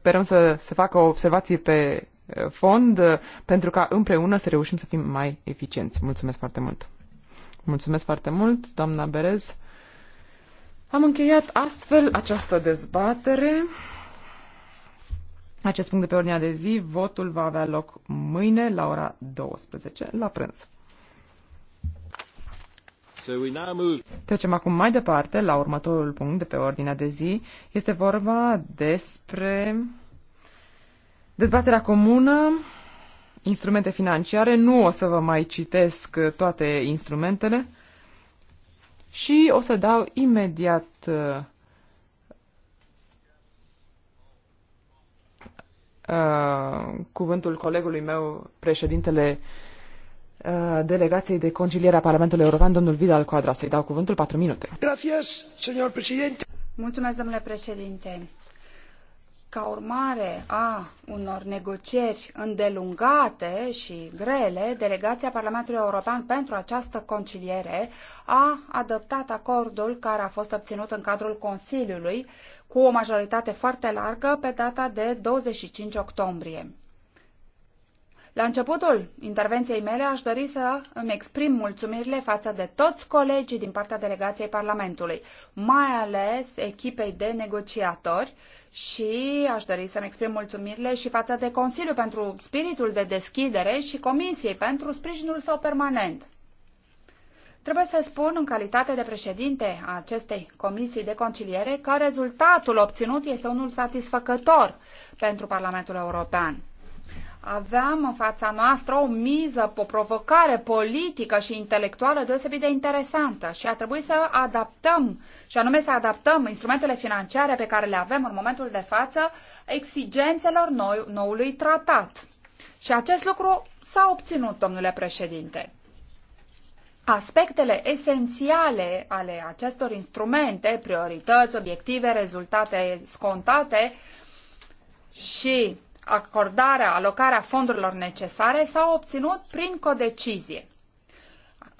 sperăm să se facă o observație pe eh, fond eh, pentru ca împreună să reușim să fim mai eficienți. Mulțumesc foarte mult! Mulțumesc foarte mult, doamna Berez! Am încheiat astfel această dezbatere. Acest punct de pe ordinea de zi, votul va avea loc mâine la ora 12 la prânz. Trecem acum mai departe la următorul punct de pe ordinea de zi. Este vorba despre dezbaterea comună, instrumente financiare. Nu o să vă mai citesc toate instrumentele și o să dau imediat uh, cuvântul colegului meu, președintele Uh, delegației de conciliere a Parlamentului European, domnul Vidal Quadras. Să-i dau cuvântul patru minute. Gracias, señor presidente. Mulțumesc, domnule președinte. Ca urmare a unor negocieri îndelungate și grele, delegația Parlamentului European pentru această conciliere a adoptat acordul care a fost obținut în cadrul Consiliului cu o majoritate foarte largă pe data de 25 octombrie. La începutul intervenției mele aș dori să îmi exprim mulțumirile față de toți colegii din partea delegației Parlamentului, mai ales echipei de negociatori și aș dori să-mi exprim mulțumirile și față de Consiliu pentru spiritul de deschidere și Comisiei pentru sprijinul său permanent. Trebuie să spun în calitate de președinte a acestei comisii de conciliere că rezultatul obținut este unul satisfăcător pentru Parlamentul European aveam în fața noastră o miză, o provocare politică și intelectuală deosebit de interesantă și a trebuit să adaptăm, și anume să adaptăm instrumentele financiare pe care le avem în momentul de față exigențelor noi, noului tratat. Și acest lucru s-a obținut, domnule președinte. Aspectele esențiale ale acestor instrumente, priorități, obiective, rezultate scontate și acordarea, alocarea fondurilor necesare s-au obținut prin codecizie.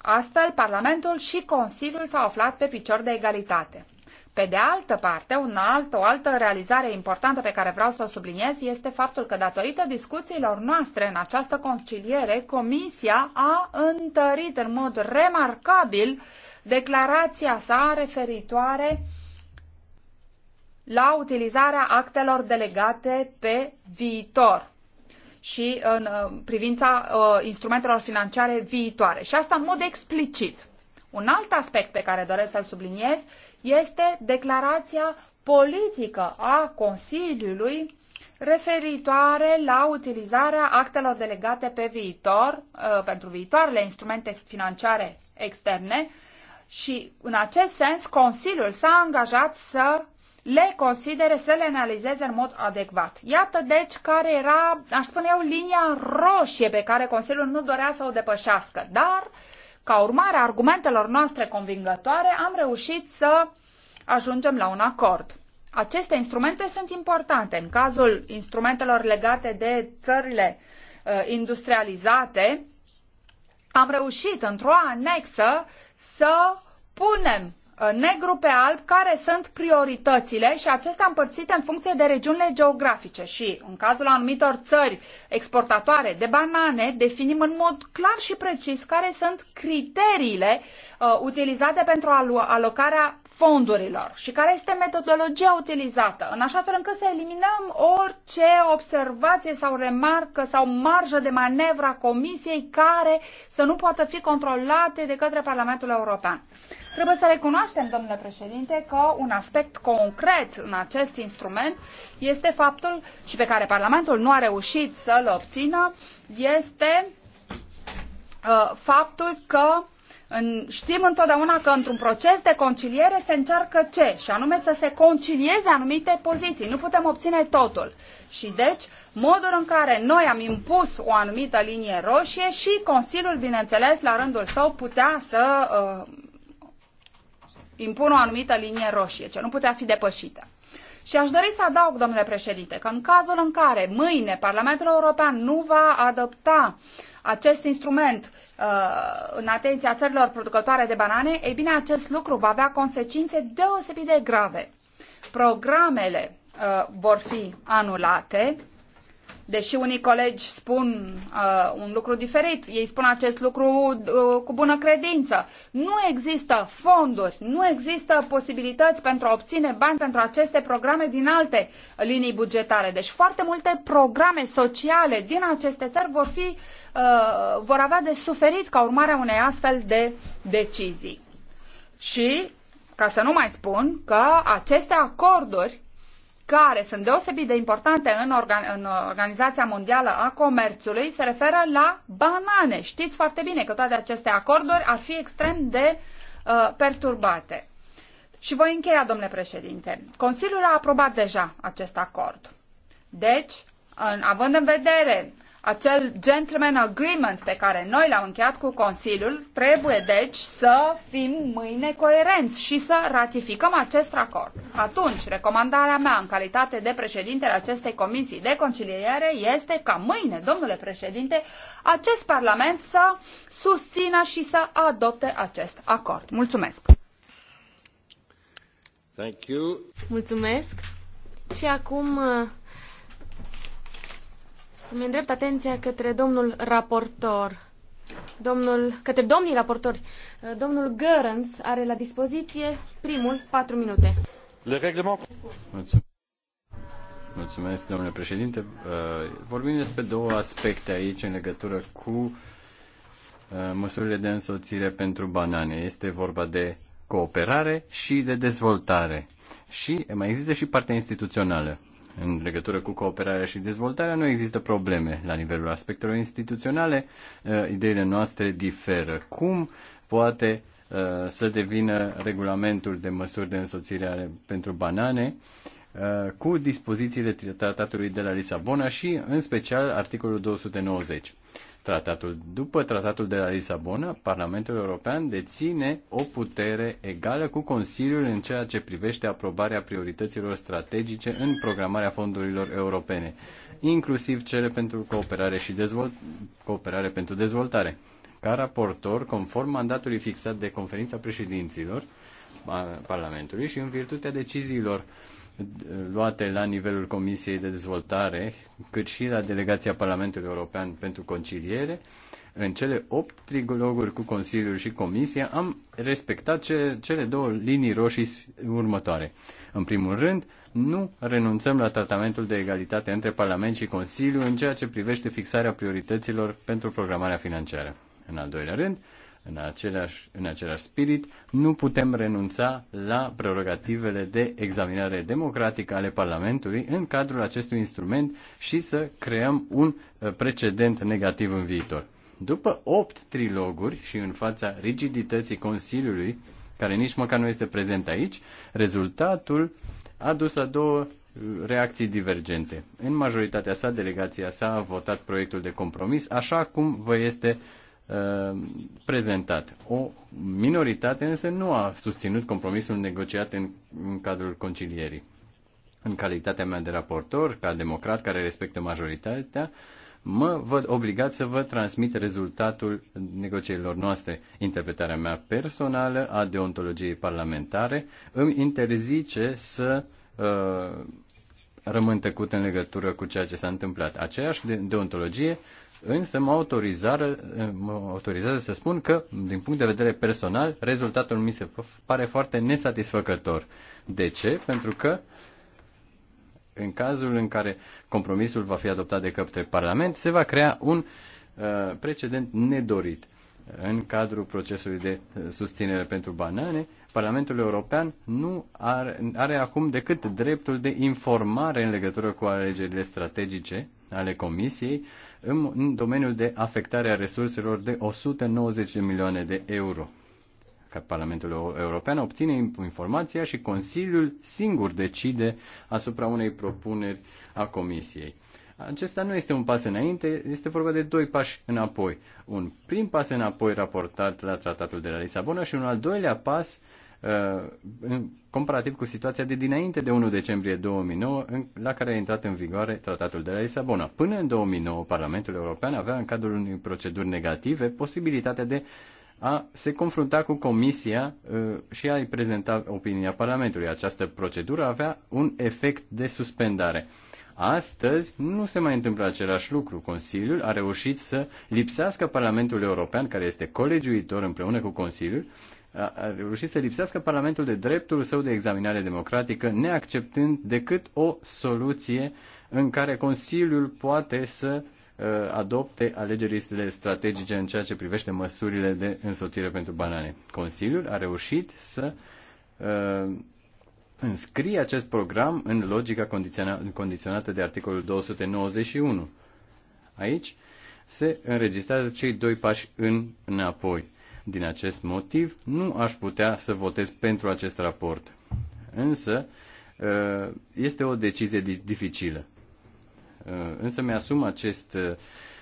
Astfel, Parlamentul și Consiliul s-au aflat pe picior de egalitate. Pe de altă parte, un alt, o altă realizare importantă pe care vreau să o subliniez este faptul că, datorită discuțiilor noastre în această conciliere, Comisia a întărit în mod remarcabil declarația sa referitoare uh, la utilizarea actelor delegate pe viitor și în uh, privința uh, instrumentelor financiare viitoare. Și asta în mod explicit. Un alt aspect pe care doresc să-l subliniez este declarația politică a Consiliului referitoare la utilizarea actelor delegate pe viitor, uh, pentru viitoarele instrumente financiare externe și în acest sens Consiliul s-a angajat să le considere să le analizeze în mod adecvat. Iată deci care era, aș spune eu, linia roșie pe care Consiliul nu dorea să o depășească, dar ca urmare a argumentelor noastre convingătoare am reușit să ajungem la un acord. Aceste instrumente sunt importante. În cazul instrumentelor legate de țările uh, industrializate, am reușit într-o anexă să punem Uh, negru pe alb care sunt prioritățile și acestea împărțite în funcție de regiunile geografice și în cazul anumitor țări exportatoare de banane definim în mod clar și precis care sunt criteriile uh, utilizate pentru alocarea fondurilor și care este metodologia utilizată, în așa fel încât să eliminăm orice observație sau remarcă sau marjă de manevră a Comisiei care să nu poată fi controlate de către Parlamentul European. Trebuie să recunoaștem, domnule președinte, că un aspect concret în acest instrument este faptul și pe care Parlamentul nu a reușit să-l obțină, este uh, faptul că în, știm întotdeauna că într-un proces de conciliere se încearcă ce? Și anume să se concilieze anumite poziții. Nu putem obține totul. Și deci, modul în care noi am impus o anumită linie roșie și Consiliul, bineînțeles, la rândul său putea să uh, impun o anumită linie roșie, ce nu putea fi depășită. Și aș dori să adaug, domnule președinte, că în cazul în care mâine Parlamentul European nu va adopta acest instrument uh, în atenția țărilor producătoare de banane, ei bine, acest lucru va avea consecințe deosebit de grave. Programele uh, vor fi anulate, Deși unii colegi spun uh, un lucru diferit, ei spun acest lucru uh, cu bună credință. Nu există fonduri, nu există posibilități pentru a obține bani pentru aceste programe din alte linii bugetare. Deci foarte multe programe sociale din aceste țări vor, fi, uh, vor avea de suferit ca urmare a unei astfel de decizii. Și, ca să nu mai spun, că aceste acorduri care sunt deosebit de importante în, organ- în Organizația Mondială a Comerțului se referă la banane. Știți foarte bine că toate aceste acorduri ar fi extrem de uh, perturbate. Și voi încheia, domnule președinte. Consiliul a aprobat deja acest acord. Deci, în, având în vedere acel gentleman agreement pe care noi l-am încheiat cu Consiliul trebuie deci să fim mâine coerenți și să ratificăm acest acord. Atunci, recomandarea mea în calitate de președintele acestei comisii de conciliere este ca mâine, domnule președinte, acest Parlament să susțină și să adopte acest acord. Mulțumesc! Thank you. Mulțumesc! Și acum uh, îmi îndrept atenția către domnul raportor. Domnul, către domnii raportori. Domnul Görens are la dispoziție primul patru minute. Le reglement... Mulțumesc. Mulțumesc, domnule președinte. Uh, vorbim despre două aspecte aici în legătură cu uh, măsurile de însoțire pentru banane. Este vorba de cooperare și de dezvoltare. Și mai există și partea instituțională. În legătură cu cooperarea și dezvoltarea nu există probleme. La nivelul aspectelor instituționale, uh, ideile noastre diferă. Cum poate uh, să devină regulamentul de măsuri de însoțire pentru banane uh, cu dispozițiile tratatului de la Lisabona și, în special, articolul 290 tratatul. După tratatul de la Lisabona, Parlamentul European deține o putere egală cu Consiliul în ceea ce privește aprobarea priorităților strategice în programarea fondurilor europene, inclusiv cele pentru cooperare și dezvolt- cooperare pentru dezvoltare. Ca raportor, conform mandatului fixat de conferința președinților Parlamentului și în virtutea deciziilor luate la nivelul Comisiei de Dezvoltare, cât și la Delegația Parlamentului European pentru Conciliere, în cele opt triloguri cu Consiliul și Comisia am respectat ce, cele două linii roșii următoare. În primul rând, nu renunțăm la tratamentul de egalitate între Parlament și Consiliu în ceea ce privește fixarea priorităților pentru programarea financiară. În al doilea rând, în același, în același spirit, nu putem renunța la prerogativele de examinare democratică ale Parlamentului în cadrul acestui instrument și să creăm un uh, precedent negativ în viitor. După opt triloguri și în fața rigidității Consiliului, care nici măcar nu este prezent aici, rezultatul a dus la două uh, reacții divergente. În majoritatea sa, delegația sa a votat proiectul de compromis așa cum vă este Uh, prezentat. O minoritate însă nu a susținut compromisul negociat în, în cadrul concilierii. În calitatea mea de raportor, ca democrat care respectă majoritatea, mă văd obligat să vă transmit rezultatul negocierilor noastre. Interpretarea mea personală a deontologiei parlamentare îmi interzice să uh, rămân tăcut în legătură cu ceea ce s-a întâmplat. Aceeași deontologie uh, însă mă autorizează, mă autorizează să spun că, din punct de vedere personal, rezultatul mi se pare foarte nesatisfăcător. De ce? Pentru că în cazul în care compromisul va fi adoptat de către Parlament, se va crea un uh, precedent nedorit. În cadrul procesului de uh, susținere pentru banane, Parlamentul European nu are, are acum decât dreptul de informare în legătură cu alegerile strategice ale Comisiei, uh, în domeniul de afectare a resurselor de 190 de milioane de euro. Ca Parlamentul European obține informația și Consiliul singur decide asupra unei propuneri a Comisiei. Acesta nu este un pas înainte, este vorba de doi pași înapoi. Un prim pas înapoi raportat la Tratatul de la Lisabona și un al doilea pas uh, Uh, comparativ cu situația de dinainte de 1 decembrie 2009, la care a intrat în vigoare tratatul de la Lisabona. Până în 2009, Parlamentul European avea în cadrul unei proceduri negative posibilitatea de a se confrunta cu Comisia uh, și a-i prezenta opinia Parlamentului. Această procedură avea un efect de suspendare. Astăzi nu se mai întâmplă același lucru. Consiliul a reușit să lipsească Parlamentul European, care este colegiuitor împreună cu Consiliul, a reușit să lipsească Parlamentul de dreptul său de examinare democratică, neacceptând decât o soluție în care Consiliul poate să uh, adopte alegerile strategice în ceea ce privește măsurile de însoțire pentru banane. Consiliul a reușit să uh, înscrie acest program în logica condiționată de articolul 291. Aici se înregistrează cei doi pași în, înapoi. Din acest motiv, nu aș putea să votez pentru acest raport. Însă, uh, este o decizie dificilă. Uh, însă mi-asum acest, uh,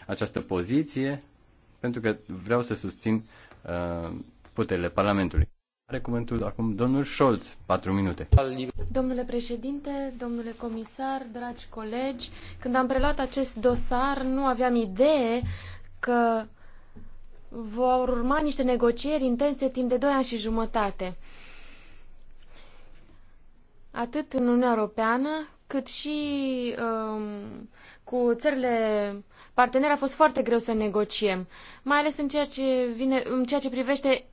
această poziție pentru că vreau să susțin puterile Parlamentului. Are cuvântul acum domnul Scholz, patru minute. Domnule președinte, domnule comisar, dragi colegi, când am preluat acest dosar, nu aveam idee că vor urma niște negocieri intense timp de 2 ani și jumătate. Atât în Uniunea Europeană, cât și um, cu țările partenere a fost foarte greu să negociem, mai ales în ceea ce, vine, în ceea ce privește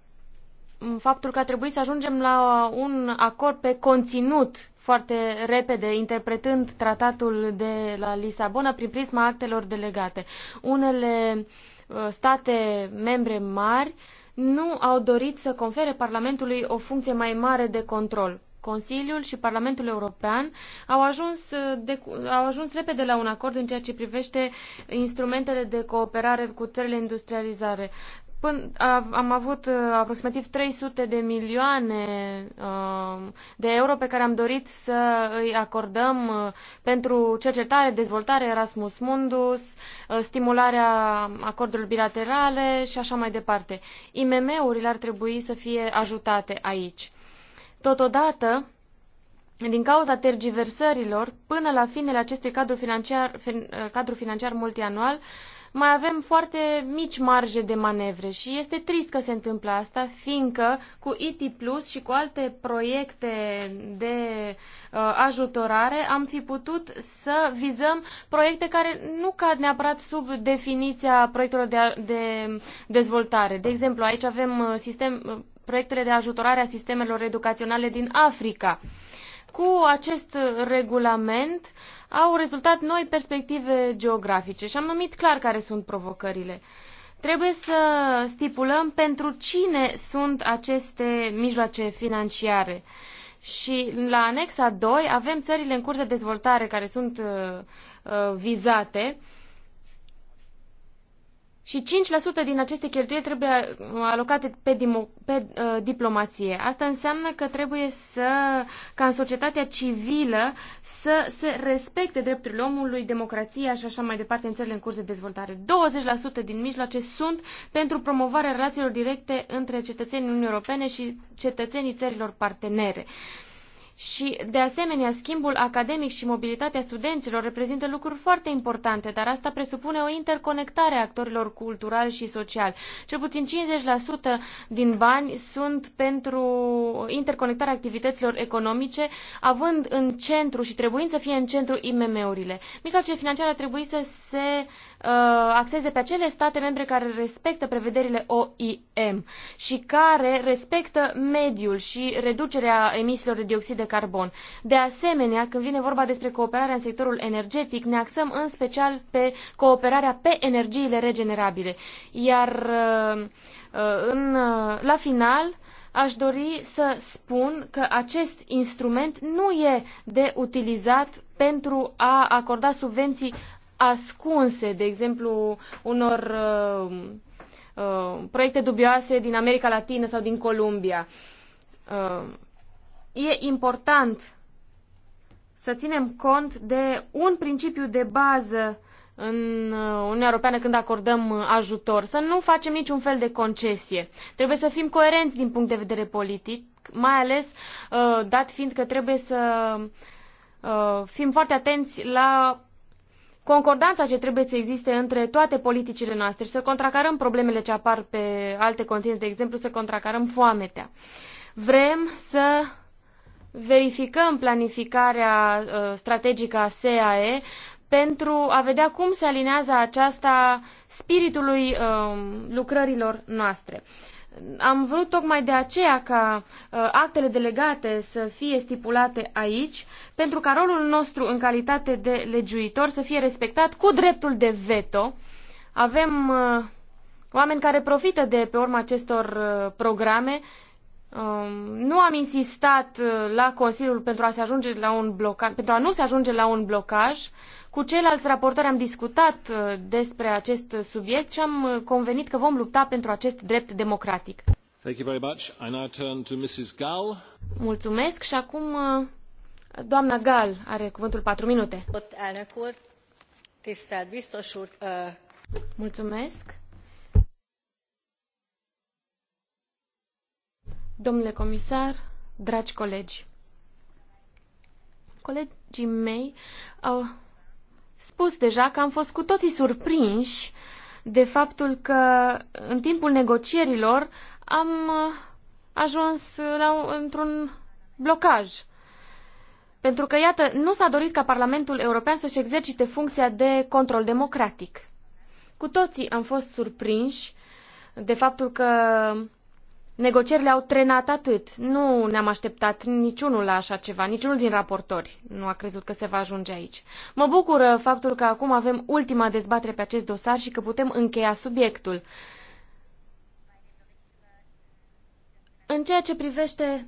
faptul că a trebuit să ajungem la un acord pe conținut foarte repede, interpretând tratatul de la Lisabona prin prisma actelor delegate. Unele uh, state membre mari nu au dorit să confere Parlamentului o funcție mai mare de control. Consiliul și Parlamentul European au ajuns, uh, de, au ajuns repede la un acord în ceea ce privește instrumentele de cooperare cu țările industrializare. Până, am avut uh, aproximativ 300 de milioane uh, de euro pe care am dorit să îi acordăm uh, pentru cercetare, dezvoltare, Erasmus Mundus, stimularea acordurilor bilaterale și așa mai departe. IMM-urile ar trebui să fie ajutate aici. Totodată, din cauza tergiversărilor, până la finele acestui cadru financiar, cadru financiar multianual, uh, mai avem foarte mici marje de manevre și este trist că se întâmplă asta, fiindcă cu IT Plus și cu alte proiecte de uh, ajutorare am fi putut să vizăm proiecte care nu cad neapărat sub definiția proiectelor de, de dezvoltare. De exemplu, aici avem uh, sistem, uh, proiectele de ajutorare a sistemelor educaționale din Africa. Uh, cu acest regulament au rezultat noi perspective geografice și am numit clar care sunt provocările. Trebuie să stipulăm pentru cine sunt aceste mijloace financiare. Și la anexa 2 avem țările în curs de dezvoltare care sunt uh, uh, vizate și 5% din aceste cheltuieli trebuie alocate pe, dimo- pe uh, diplomație. Asta înseamnă că trebuie să, ca în societatea civilă, să se respecte drepturile omului, democrația și așa mai departe în țările în curs de dezvoltare. 20% din mijloace sunt pentru promovarea relațiilor directe între cetățenii Uniunii Europene și cetățenii țărilor partenere. Și, de asemenea, schimbul academic și mobilitatea studenților reprezintă lucruri foarte importante, dar asta presupune o interconectare a actorilor culturali și sociali. Cel puțin 50% din bani sunt pentru interconectarea activităților economice, având în centru și trebuind să fie în centru IMM-urile. Mijloacele financiare ar trebui să se Uh, axeze pe acele state membre care respectă prevederile OIM și care respectă mediul și reducerea emisiilor de dioxid de carbon. De asemenea, când vine vorba despre cooperarea în sectorul energetic, ne axăm în special pe cooperarea pe energiile regenerabile. Iar uh, uh, în, la final, aș dori să spun că acest instrument nu e de utilizat pentru a acorda subvenții ascunse, de exemplu, unor uh, uh, proiecte dubioase din America Latină sau din Columbia. Uh, e important să ținem cont de un principiu de bază în uh, Uniunea Europeană când acordăm uh, ajutor, să nu facem niciun fel de concesie. Trebuie să fim coerenți din punct de vedere politic, mai ales uh, dat fiind că trebuie să fim foarte atenți la concordanța ce trebuie să existe între toate politicile noastre și să contracarăm problemele ce apar pe alte continente, de exemplu să contracarăm foametea. Vrem să verificăm planificarea uh, strategică a SAE pentru a vedea cum se alinează aceasta spiritului um, lucrărilor noastre. Am vrut tocmai de aceea ca uh, actele delegate să fie stipulate aici, pentru ca rolul nostru în calitate de legiuitor să fie respectat cu dreptul de veto. Avem uh, oameni care profită de pe urma acestor uh, programe. Uh, nu am insistat uh, la Consiliul pentru a, se ajunge la un bloca- pentru a nu se ajunge la un blocaj. Uh, cu ceilalți raportori am discutat uh, despre acest subiect și am uh, convenit că vom lupta pentru acest drept democratic. Thank you very much. I now turn to Mrs. Gall. Mulțumesc și acum uh, doamna Gall are cuvântul 4 minute. Mulțumesc. Domnule comisar, dragi colegi, colegii mei au spus deja că am fost cu toții surprinși de faptul că în timpul negocierilor am uh, ajuns la, într-un blocaj. Pentru că, iată, nu s-a dorit ca Parlamentul European să-și exercite funcția de control democratic. Cu toții am fost surprinși de faptul că Negocierile au trenat atât. Nu ne-am așteptat niciunul la așa ceva, niciunul din raportori nu a crezut că se va ajunge aici. Mă bucură faptul că acum avem ultima dezbatere pe acest dosar și că putem încheia subiectul. În ceea ce privește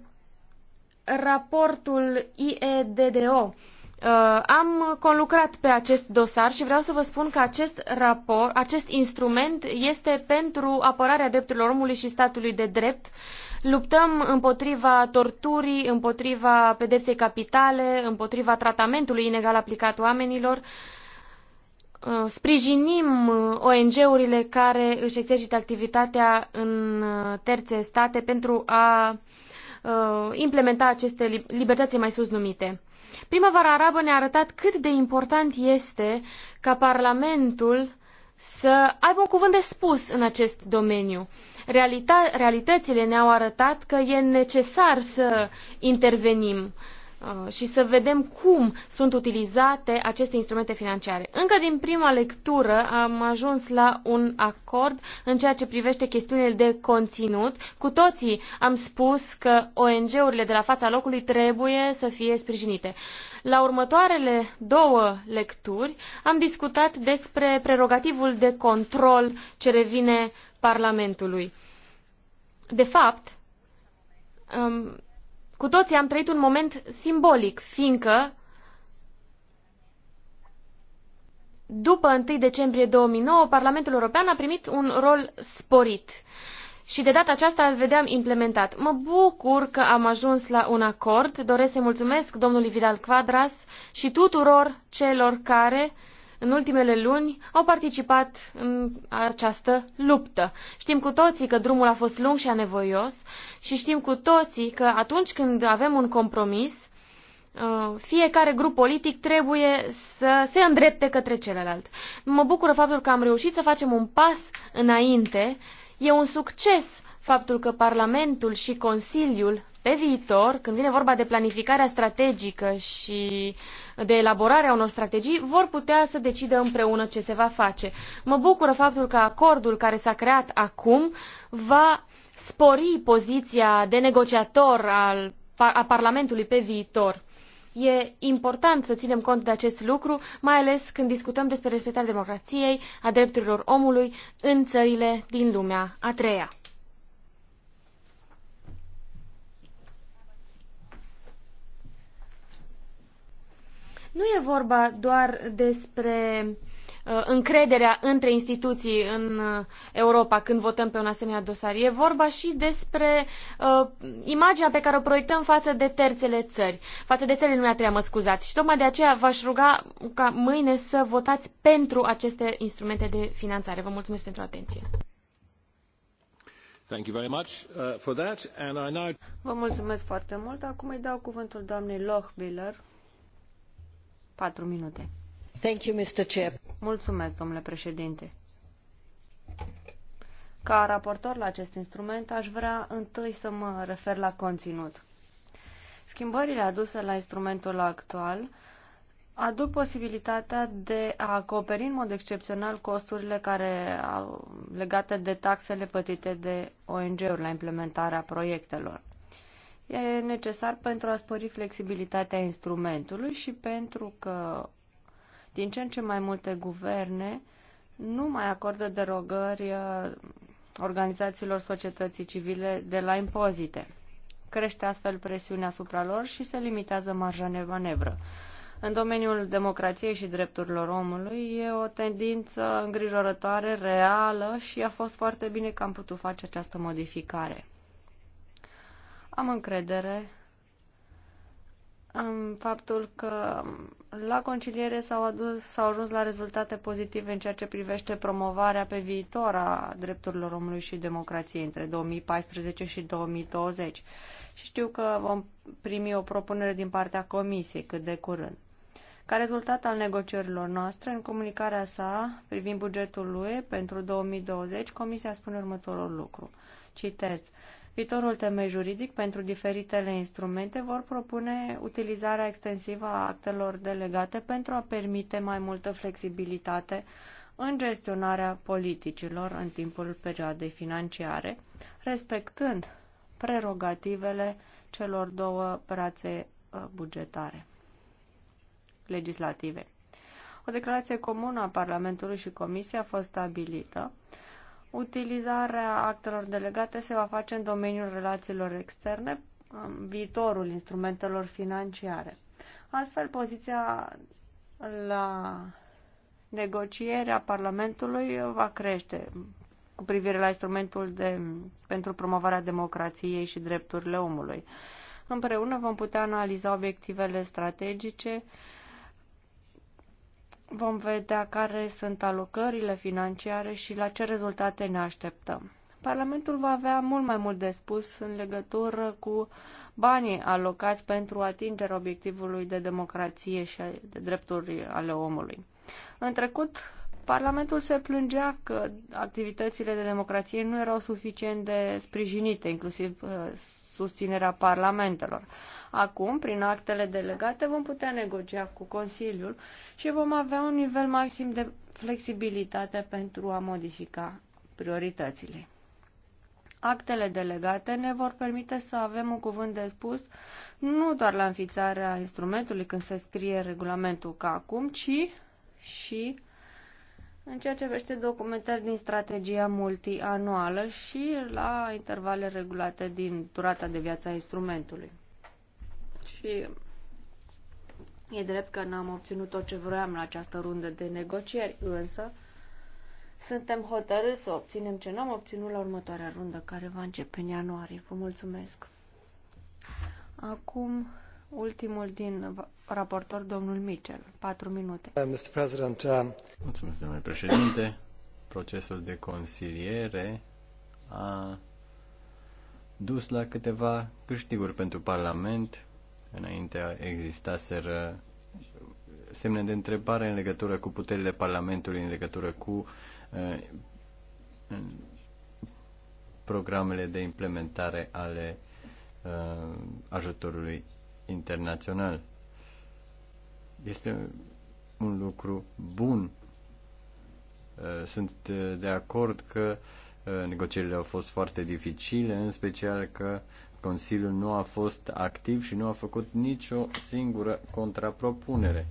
raportul IEDDO, Uh, am conlucrat pe acest dosar și vreau să vă spun că acest raport, acest instrument este pentru apărarea drepturilor omului și statului de drept. Luptăm împotriva torturii, împotriva pedepsei capitale, împotriva tratamentului inegal aplicat oamenilor. Uh, sprijinim ONG-urile care își exercită activitatea în uh, terțe state pentru a uh, implementa aceste libertăți mai sus numite. Primăvara arabă ne-a arătat cât de important este ca Parlamentul să aibă un cuvânt de spus în acest domeniu. Realita- realitățile ne-au arătat că e necesar să intervenim uh, Uh, și să vedem cum sunt utilizate aceste instrumente financiare. Încă din prima lectură am ajuns la un acord în ceea ce privește chestiunile de conținut. Cu toții am spus că ONG-urile de la fața locului trebuie să fie sprijinite. La următoarele două lecturi am discutat despre prerogativul de control ce revine Parlamentului. De fapt, um, cu toții am trăit un moment simbolic, fiindcă după 1 decembrie 2009, Parlamentul European a primit un rol sporit. Și de data aceasta îl vedeam implementat. Mă bucur că am ajuns la un acord. Doresc să mulțumesc domnului Vidal Quadras și tuturor celor care uh, în ultimele luni au participat în această luptă. Știm cu toții că drumul a fost lung și anevoios și știm cu toții că atunci când avem un compromis, uh, fiecare grup politic trebuie să se îndrepte către celălalt. Mă bucură faptul că am reușit să facem un pas înainte. E un succes faptul că Parlamentul și Consiliul pe viitor, când vine vorba de planificarea strategică și uh, de elaborare a unor strategii vor putea să decidă împreună ce se va face. Mă bucură faptul că acordul care s-a creat acum va spori poziția de negociator al, a Parlamentului pe viitor. E important să ținem cont de acest lucru, mai ales când discutăm despre respectarea democrației, a drepturilor omului în țările din lumea a treia. Nu e vorba doar despre uh, încrederea între instituții în uh, Europa când votăm pe un asemenea dosar. E vorba și despre uh, imaginea pe care o proiectăm față de terțele țări, față de țările lumea treia, mă scuzați. Și tocmai de aceea v-aș ruga ca mâine să votați pentru aceste instrumente de finanțare. Vă mulțumesc pentru atenție. Vă mulțumesc foarte mult. Acum îi dau cuvântul doamnei Lochbiller 4 minute. Thank you, Mr. Chair. Mulțumesc, domnule președinte. Ca raportor la acest instrument, aș vrea întâi să mă refer la conținut. Schimbările aduse la instrumentul actual aduc posibilitatea de a acoperi în mod excepțional costurile care au, legate de taxele plătite de ONG-uri la implementarea proiectelor e necesar pentru a spori flexibilitatea instrumentului și pentru că din ce în ce mai multe guverne nu mai acordă derogări uh, organizațiilor societății civile de la impozite. Crește astfel presiunea asupra lor și se limitează marja de manevră. În domeniul democrației și drepturilor omului e o tendință îngrijorătoare, reală și a fost foarte bine că am putut face această modificare am încredere în faptul că la conciliere s-au, adus, s-au ajuns la rezultate pozitive în ceea ce privește promovarea pe viitor a drepturilor omului și democrației între 2014 și 2020. Și știu că vom primi o propunere din partea Comisiei cât de curând. Ca rezultat al negocierilor noastre, în comunicarea sa privind bugetul lui pentru 2020, Comisia spune următorul lucru. Citez viitorul temei juridic pentru diferitele instrumente vor propune utilizarea extensivă a actelor delegate pentru a permite mai multă flexibilitate în gestionarea politicilor în timpul perioadei financiare, respectând prerogativele celor două brațe uh, bugetare legislative. O declarație comună a Parlamentului și Comisiei a fost stabilită Utilizarea actelor delegate se va face în domeniul relațiilor externe, în viitorul instrumentelor financiare. Astfel, poziția la negocierea Parlamentului va crește cu privire la instrumentul de, pentru promovarea democrației și drepturile omului. Împreună vom putea analiza obiectivele strategice uh, Vom vedea care sunt alocările financiare și la ce rezultate ne așteptăm. Parlamentul va avea mult mai mult de spus în legătură cu banii alocați pentru atingerea obiectivului de democrație și de drepturi ale omului. În trecut, Parlamentul se plângea că activitățile de democrație nu erau suficient de sprijinite, inclusiv uh, susținerea parlamentelor. Acum, prin actele delegate, vom putea negocia cu Consiliul și vom avea un nivel maxim de flexibilitate pentru a modifica prioritățile. Actele delegate ne vor permite să avem un cuvânt de spus nu doar la înființarea instrumentului când se scrie regulamentul ca acum, ci și în ceea ce vește documentări din strategia multianuală și la intervale regulate din durata de viață a instrumentului. Și e drept că n-am obținut tot ce vroiam la această rundă de negocieri, însă suntem hotărâți să obținem ce n-am obținut la următoarea rundă, care va începe în ianuarie. Vă mulțumesc! Acum ultimul din raportor, domnul Mitchell. Patru minute. Uh, Mr. President, uh, Mulțumesc, domnule președinte. Procesul de consiliere a dus la câteva câștiguri pentru Parlament. Înainte existaseră semne de întrebare în legătură cu puterile Parlamentului, în legătură cu uh, programele de implementare ale uh, ajutorului internațional. Este un lucru bun. Uh, sunt uh, de acord că uh, negocierile au fost foarte dificile, în special că Consiliul nu a fost activ și nu a făcut nicio singură contrapropunere.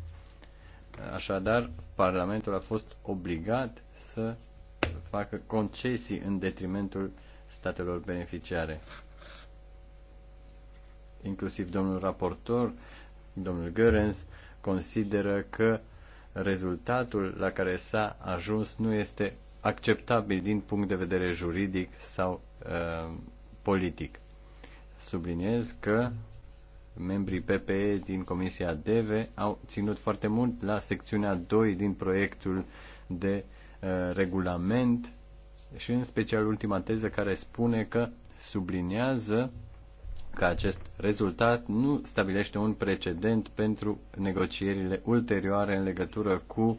Așadar, Parlamentul a fost obligat să facă concesii în detrimentul statelor beneficiare inclusiv domnul raportor, domnul Görens, consideră că rezultatul la care s-a ajuns nu este acceptabil din punct de vedere juridic sau uh, politic. Subliniez că membrii PPE din Comisia DEVE au ținut foarte mult la secțiunea 2 din proiectul de uh, regulament și în special ultima teză care spune că subliniază uh, că acest rezultat nu stabilește un precedent pentru negocierile ulterioare în legătură cu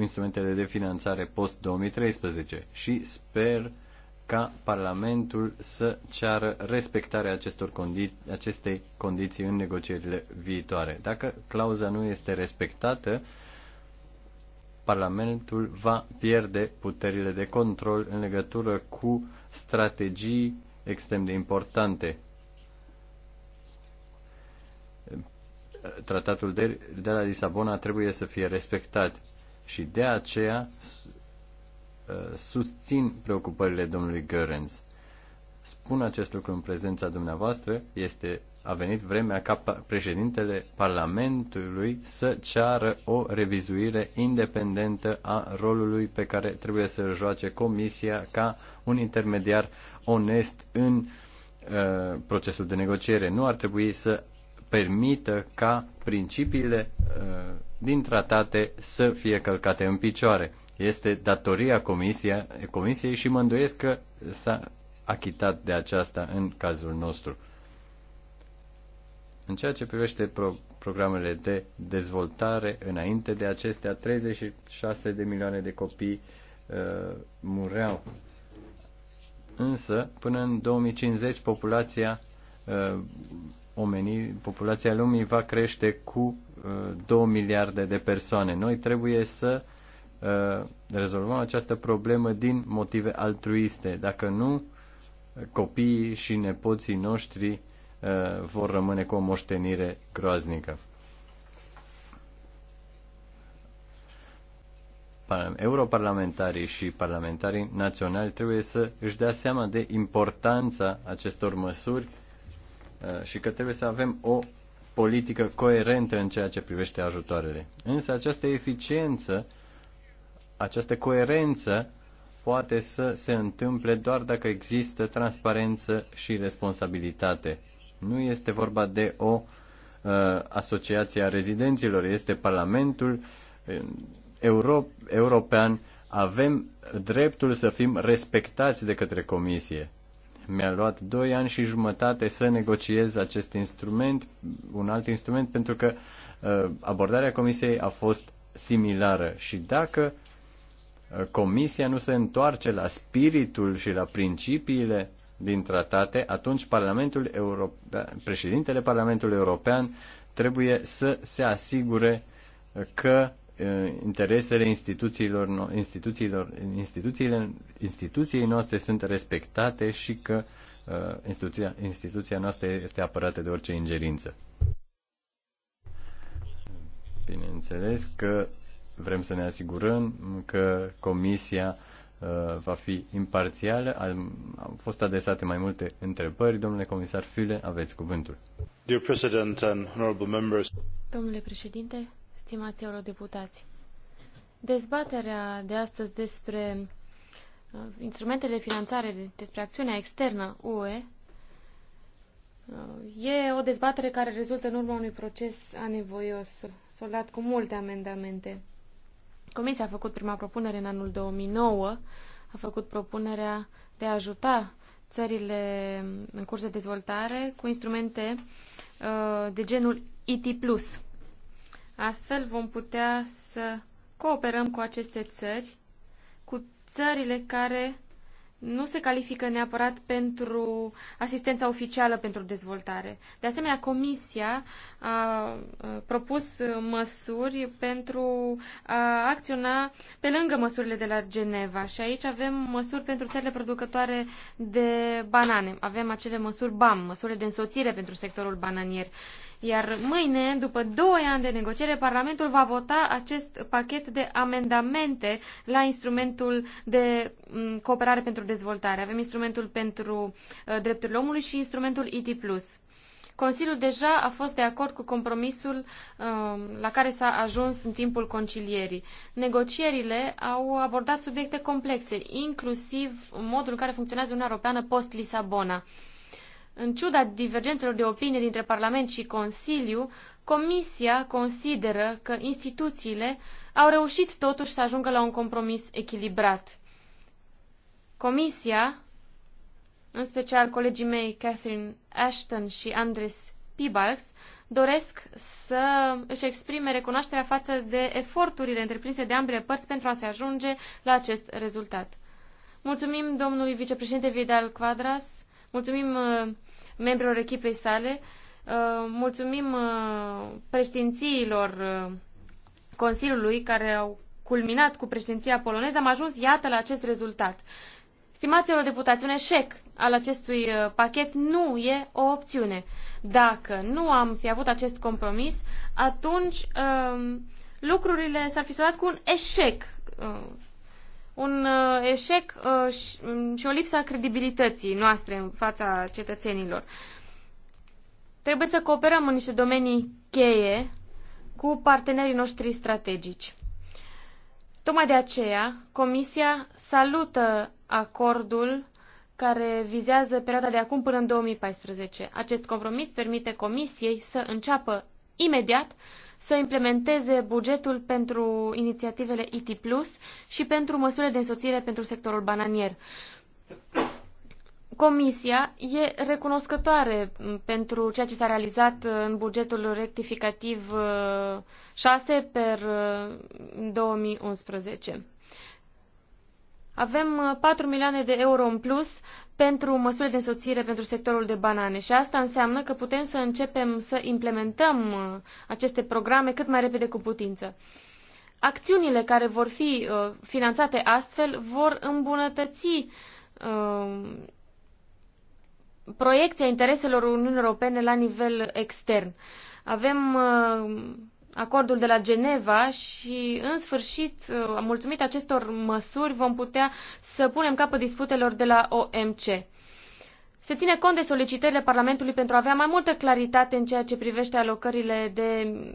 instrumentele de finanțare post-2013 și sper ca Parlamentul să ceară respectarea acestor condi- acestei condiții în negocierile viitoare. Dacă clauza nu este respectată, Parlamentul va pierde puterile de control în legătură cu strategii extrem de importante. tratatul de, de la Lisabona trebuie să fie respectat și de aceea uh, susțin preocupările domnului Görens. Spun acest lucru în prezența dumneavoastră, este a venit vremea ca președintele Parlamentului să ceară o revizuire independentă a rolului pe care trebuie să-l joace Comisia ca un intermediar onest în uh, procesul de negociere. Nu ar trebui să permită ca principiile uh, din tratate să fie călcate în picioare. Este datoria comisia, Comisiei și mă îndoiesc că s-a achitat de aceasta în cazul nostru. În ceea ce privește pro- programele de dezvoltare, înainte de acestea, 36 de milioane de copii uh, mureau. Însă, până în 2050, populația uh, omenii, populația lumii va crește cu 2 uh, miliarde de persoane. Noi trebuie să uh, rezolvăm această problemă din motive altruiste. Dacă nu, copiii și nepoții noștri uh, vor rămâne cu o moștenire groaznică. europarlamentarii și parlamentarii naționali trebuie să își dea seama de importanța acestor măsuri Uh, și că trebuie să avem o politică coerentă în ceea ce privește ajutoarele. Însă această eficiență, această coerență poate să se întâmple doar dacă există transparență și responsabilitate. Nu este vorba de o uh, asociație a rezidenților, este Parlamentul uh, Euro- European. Avem dreptul să fim respectați de către Comisie mi-a luat doi ani și jumătate să negociez acest instrument, un alt instrument, pentru că uh, abordarea Comisiei a fost similară. Și dacă uh, Comisia nu se întoarce la spiritul și la principiile din tratate, atunci Parlamentul European, președintele Parlamentului European trebuie să se asigure că Eh, interesele instituțiilor, instituțiilor, instituțiile, instituției noastre sunt respectate și că eh, instituția, instituția noastră este apărată de orice ingerință. Bineînțeles că vrem să ne asigurăm că comisia eh, va fi imparțială. Au fost adresate mai multe întrebări. Domnule comisar File, aveți cuvântul. Dear President and honorable members. Domnule președinte, stimați eurodeputați, dezbaterea de astăzi despre uh, instrumentele de finanțare, despre acțiunea externă UE, uh, e o dezbatere care rezultă în urma unui proces anevoios, soldat cu multe amendamente. Comisia a făcut prima propunere în anul 2009, a făcut propunerea de a ajuta țările în curs de dezvoltare cu instrumente uh, de genul IT+. Astfel vom putea să cooperăm cu aceste țări, cu țările care nu se califică neapărat pentru asistența oficială pentru dezvoltare. De asemenea, Comisia a propus măsuri pentru a acționa pe lângă măsurile de la Geneva și aici avem măsuri pentru țările producătoare de banane. Avem acele măsuri BAM, măsurile de însoțire pentru sectorul bananier. Iar mâine, după 2 ani de negociere, Parlamentul va vota acest pachet de amendamente la instrumentul de mm, cooperare pentru dezvoltare. Avem instrumentul pentru uh, drepturile omului și instrumentul IT+. Consiliul deja a fost de acord cu compromisul uh, la care s-a ajuns în timpul concilierii. Negocierile au abordat subiecte complexe, inclusiv modul în care funcționează Uniunea Europeană post-Lisabona. Uh, în ciuda divergențelor de opinie dintre Parlament și Consiliu, Comisia consideră că instituțiile au reușit totuși să ajungă la un compromis echilibrat. Comisia, în special colegii mei Catherine Ashton și Andres Pibalks, doresc să își exprime recunoașterea față de eforturile întreprinse de ambele părți pentru a se ajunge la acest rezultat. Mulțumim domnului vicepreședinte Vidal Quadras, mulțumim uh, membrilor echipei sale. Uh, mulțumim uh, președințiilor uh, Consiliului care au culminat cu președinția poloneză. Am ajuns, iată, la acest rezultat. Stimați deputați, un eșec al acestui pachet nu e o opțiune. Dacă nu am fi avut acest compromis, atunci lucrurile s-ar fi surat cu un eșec un uh, eșec uh, mm, și o lipsă a credibilității noastre în fața cetățenilor. Trebuie să cooperăm în niște domenii cheie cu partenerii noștri strategici. Tocmai de aceea, Comisia salută acordul care vizează perioada de acum până în 2014. Acest compromis permite Comisiei să înceapă imediat să implementeze bugetul pentru inițiativele IT Plus și pentru măsurile de însoțire pentru sectorul bananier. Comisia e recunoscătoare pentru ceea ce s-a realizat uh, în bugetul rectificativ 6 uh, per 2011. Uh, Avem 4 milioane de euro în plus pentru măsurile de însoțire pentru sectorul de banane și asta înseamnă că putem să începem să implementăm uh, aceste programe cât mai repede cu putință. Acțiunile care vor fi uh, finanțate astfel vor îmbunătăți uh, proiecția intereselor Uniunii Europene la nivel extern. Avem uh, acordul de la Geneva și, în sfârșit, uh, mulțumit acestor măsuri, vom putea să punem capăt disputelor de la OMC. Se ține cont de solicitările Parlamentului pentru a avea mai multă claritate în ceea ce privește alocările de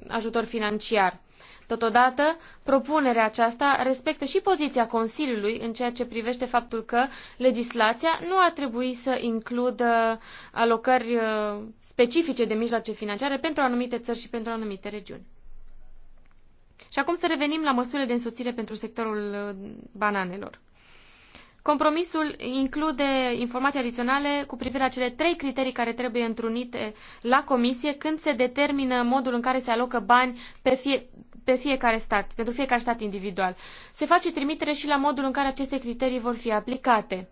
ajutor financiar. Totodată, propunerea aceasta respectă și poziția Consiliului în ceea ce privește faptul că legislația nu ar trebui să includă alocări uh, specifice de mijloace financiare pentru anumite țări și pentru anumite regiuni. Și acum să revenim la măsurile de însoțire pentru sectorul uh, bananelor. Compromisul include informații adiționale cu privire la cele trei criterii care trebuie întrunite la comisie când se determină modul în care se alocă bani pe, fie, pe fiecare stat, pentru fiecare stat individual. Se face trimitere și la modul în care aceste criterii vor fi aplicate.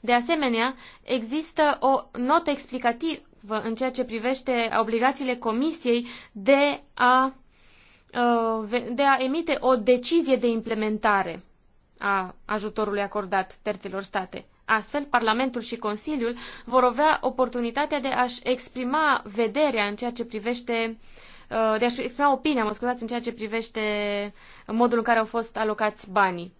De asemenea, există o notă explicativă în ceea ce privește obligațiile comisiei de a Uh, de a emite o decizie de implementare a ajutorului acordat terțelor state. Astfel, Parlamentul și Consiliul vor avea oportunitatea de a-și exprima vederea în ceea ce privește uh, de a-și exprima opinia, mă scuzați, în ceea ce privește modul în care au fost alocați banii.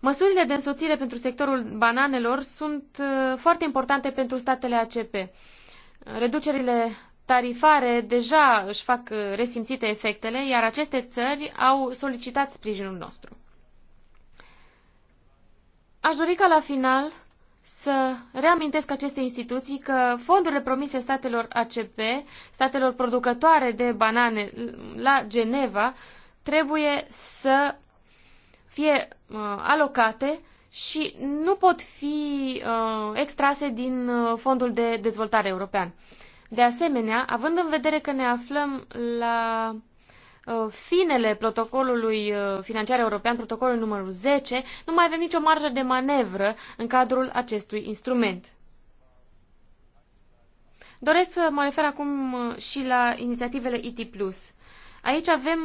Măsurile de însoțire pentru sectorul bananelor sunt uh, foarte importante pentru statele ACP. Reducerile tarifare deja își fac uh, resimțite efectele, iar aceste țări au solicitat sprijinul nostru. Aș dori ca la final să reamintesc aceste instituții că fondurile promise statelor ACP, statelor producătoare de banane la Geneva, trebuie să fie uh, alocate și nu pot fi uh, extrase din uh, fondul de dezvoltare european. Uh, de asemenea, având în vedere că ne aflăm la uh, finele protocolului uh, financiar european, protocolul numărul 10, nu mai avem nicio marjă de manevră în cadrul acestui instrument. Doresc să mă refer acum uh, și la inițiativele IT+. Aici avem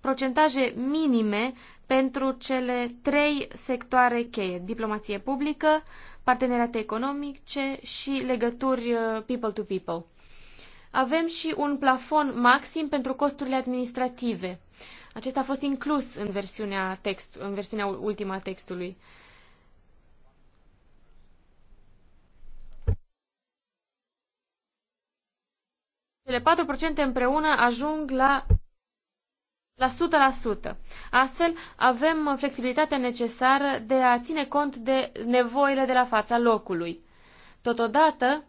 procentaje minime pentru cele trei sectoare cheie, diplomație publică, parteneriate economice și legături people-to-people. Uh, Avem și un plafon maxim pentru costurile administrative. Acesta a fost inclus în versiunea, text, în versiunea ultima a textului. Cele 4% împreună ajung la la 100%. Astfel, avem flexibilitatea necesară de a ține cont de nevoile de la fața locului. Totodată,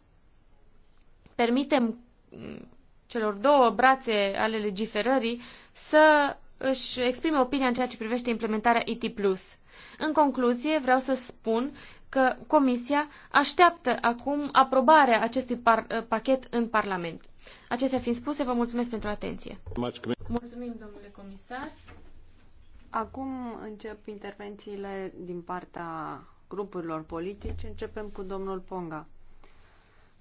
permitem mm, celor două brațe ale legiferării să își exprime opinia în ceea ce privește implementarea IT+. În concluzie, vreau să spun că Comisia așteaptă acum aprobarea acestui eh, pachet în Parlament. Acestea fiind spuse, vă mulțumesc pentru atenție. Mulțumim, domnule comisar. Acum încep intervențiile din partea grupurilor politice. Începem cu domnul Ponga.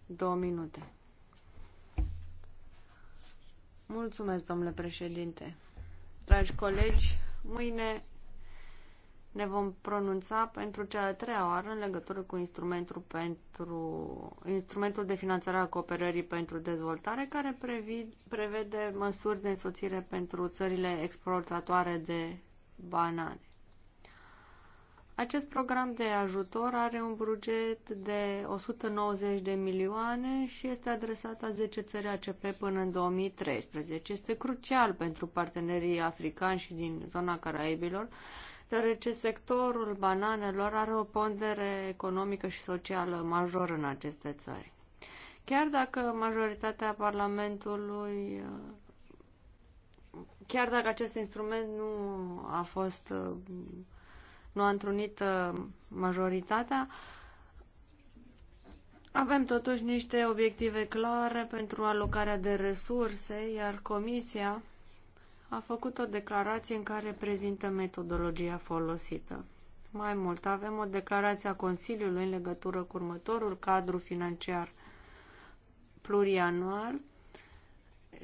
Două minute. Mulțumesc, domnule președinte. Dragi colegi, mâine ne vom pronunța pentru cea de treia oară în legătură cu instrumentul, pentru, instrumentul de finanțare a cooperării pentru dezvoltare, care previd, prevede măsuri de însoțire pentru țările exportatoare de banane. Acest program de ajutor are un buget de 190 de milioane și este adresat a 10 țări ACP până în 2013. Este crucial pentru partenerii africani și din zona Caraibilor deoarece sectorul bananelor are o pondere economică și socială majoră în aceste țări. Chiar dacă majoritatea Parlamentului chiar dacă acest instrument nu a fost, nu a întrunit majoritatea, avem totuși niște obiective clare pentru alocarea de resurse, iar Comisia a făcut o declarație în care prezintă metodologia folosită. Mai mult, avem o declarație a Consiliului în legătură cu următorul cadru financiar plurianual.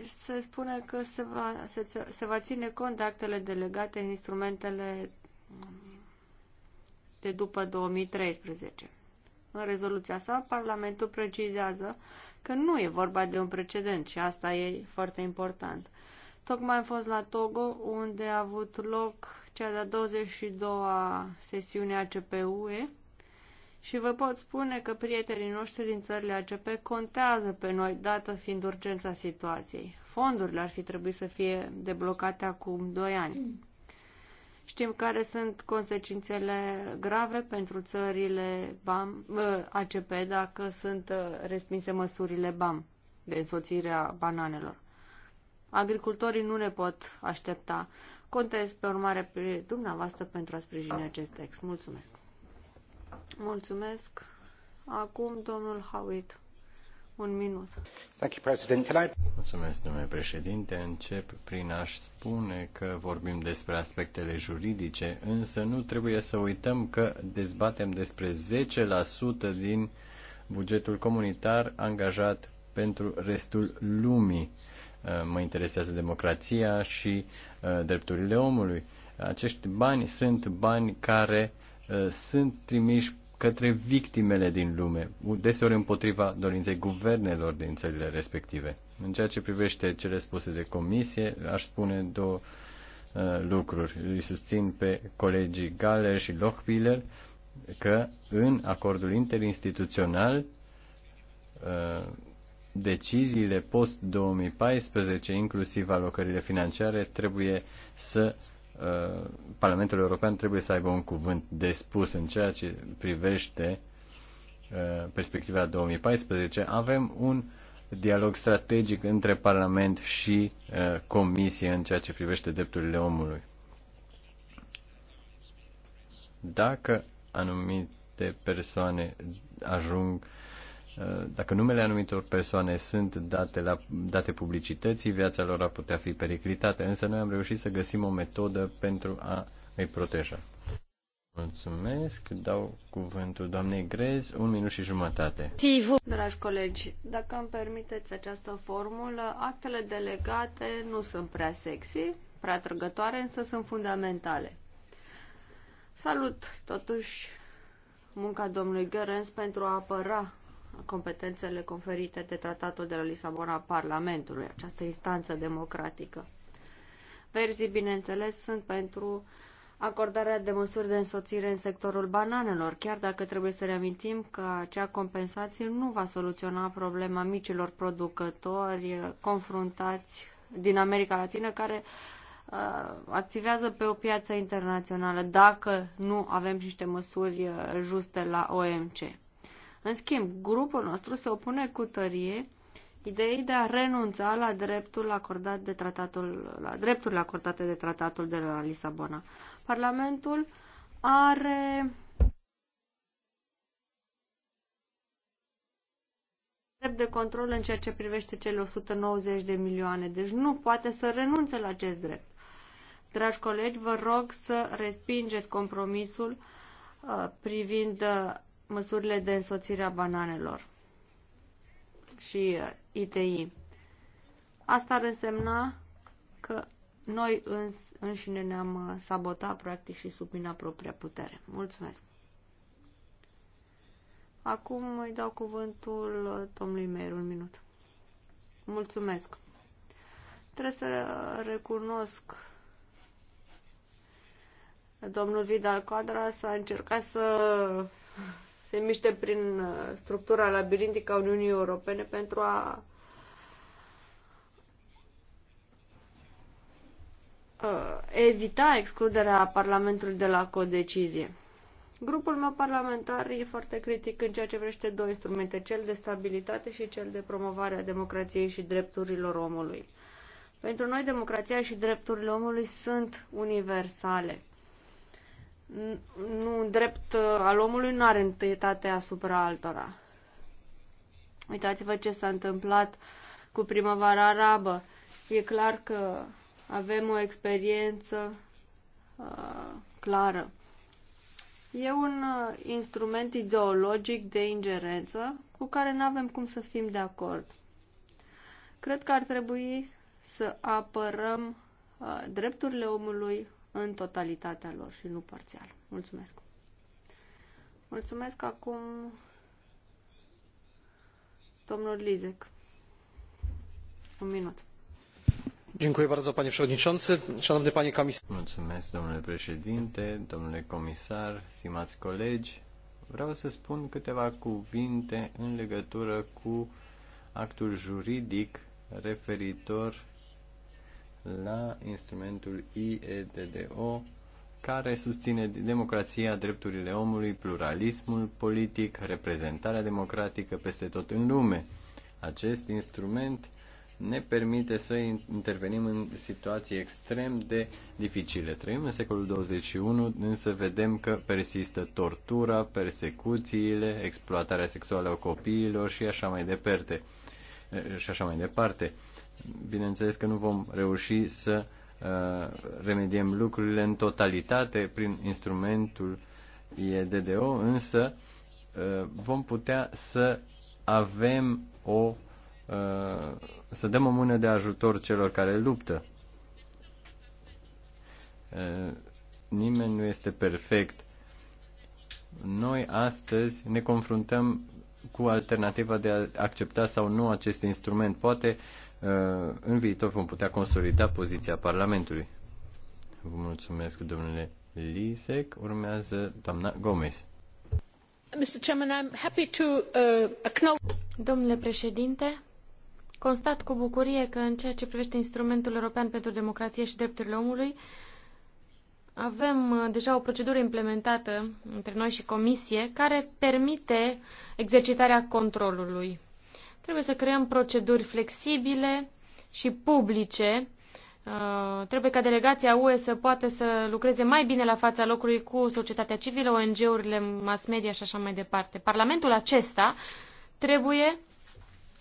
Se spune că se va, se, se va ține cont de actele delegate în instrumentele de după 2013. În rezoluția sa, Parlamentul precizează că nu e vorba de un precedent și asta e foarte important. Tocmai am fost la Togo, unde a avut loc cea de-a 22-a sesiune ACPUE și vă pot spune că prietenii noștri din țările ACP contează pe noi, dată fiind urgența situației. Fondurile ar fi trebuit să fie deblocate acum 2 ani. Știm care sunt consecințele grave pentru țările BAM, ACP dacă sunt uh, respinse măsurile BAM de însoțirea bananelor. Agricultorii nu ne pot aștepta. Contez pe urmare pe dumneavoastră pentru a sprijini acest text. Mulțumesc! Mulțumesc! Acum domnul Howitt. Un minut. Thank you, President. Can I... Mulțumesc, domnule președinte. Încep prin a spune că vorbim despre aspectele juridice, însă nu trebuie să uităm că dezbatem despre 10% din bugetul comunitar angajat pentru restul lumii. Uh, mă interesează democrația și uh, drepturile omului. Acești bani sunt bani care uh, sunt trimiși către victimele din lume, deseori împotriva dorinței guvernelor din țările respective. În ceea ce privește cele spuse de comisie, aș spune două lucruri. Îi susțin pe colegii Galer și Lochbiller că în acordul interinstituțional deciziile post-2014, inclusiv alocările financiare, trebuie să uh, Parlamentul European trebuie să aibă un cuvânt de spus în ceea ce privește uh, perspectiva 2014. Avem un dialog strategic între Parlament și uh, Comisie în ceea ce privește drepturile omului. Dacă anumite persoane ajung uh, Uh, dacă numele anumitor persoane sunt date, la, date publicității, viața lor ar putea fi periclitată, însă noi am reușit să găsim o metodă pentru a îi proteja. Mulțumesc, dau cuvântul doamnei Grez, un minut și jumătate. Dragi colegi, dacă îmi permiteți această formulă, actele delegate nu sunt prea sexy, prea trăgătoare, însă sunt fundamentale. Salut, totuși, munca domnului Gărens pentru a apăra competențele conferite de Tratatul de la Lisabona Parlamentului, această instanță democratică. Verzii, bineînțeles, sunt pentru acordarea de măsuri de însoțire în sectorul bananelor, chiar dacă trebuie să reamintim că acea compensație nu va soluționa problema micilor producători confruntați din America Latină care uh, activează pe o piață internațională dacă nu avem niște măsuri uh, juste la OMC. În schimb, grupul nostru se opune cu tărie ideii de a renunța la dreptul acordat de tratatul, la drepturile acordate de tratatul de la Lisabona. Parlamentul are drept de control în ceea ce privește cele 190 de milioane, deci nu poate să renunțe la acest drept. Dragi colegi, vă rog să respingeți compromisul uh, privind uh, măsurile de însoțire a bananelor și ITI. Uh, Asta ar însemna că noi îns, înșine ne-am uh, sabotat practic și supina propria putere. Mulțumesc! Acum îi dau cuvântul uh, domnului Meir, un minut. Mulțumesc! Trebuie să recunosc domnul Vidal Coadra s-a încercat să se miște prin uh, structura labirintică a Uniunii Europene pentru a uh, evita excluderea Parlamentului de la codecizie. Grupul meu parlamentar e foarte critic în ceea ce vrește două instrumente, cel de stabilitate și cel de promovare a democrației și drepturilor omului. Pentru noi, democrația și drepturile omului sunt universale nu drept al omului nu are întâietate asupra altora. Uitați-vă ce s-a întâmplat cu primăvara arabă. E clar că avem o experiență uh, clară. E un uh, instrument ideologic de ingerență cu care nu avem cum să fim de acord. Cred că ar trebui să apărăm uh, drepturile omului, în totalitatea lor și nu parțial. Mulțumesc! Mulțumesc acum domnul Lizek. Un minut. Dziękuję bardzo panie przewodniczący, szanowny panie komisarz. Mulțumesc domnule președinte, domnule comisar, simați colegi. Vreau să spun câteva cuvinte în legătură cu actul juridic referitor la instrumentul IEDDO, care susține democrația, drepturile omului, pluralismul politic, reprezentarea democratică peste tot în lume. Acest instrument ne permite să intervenim în situații extrem de dificile. Trăim în secolul 21, însă vedem că persistă tortura, persecuțiile, exploatarea sexuală a copiilor și așa mai departe. Și așa mai departe bineînțeles că nu vom reuși să uh, remediem lucrurile în totalitate prin instrumentul IEDDO, însă uh, vom putea să avem o uh, să dăm o mână de ajutor celor care luptă. Nimeni nu este perfect. Noi astăzi ne confruntăm cu alternativa de a accepta sau nu acest instrument. Poate uh, în viitor vom putea consolida poziția Parlamentului. Vă mulțumesc, domnule Lisek. Urmează doamna Gomez. Mr. Chairman, I'm happy to uh, acknowledge... Domnule președinte, constat cu bucurie că în ceea ce privește instrumentul european pentru democrație și drepturile omului, avem uh, deja o procedură implementată între noi și comisie care permite exercitarea controlului. Trebuie să creăm proceduri flexibile și publice. Uh, trebuie ca delegația UE să poată să lucreze mai bine la fața locului cu societatea civilă, ONG-urile, mass media și așa mai departe. Parlamentul acesta trebuie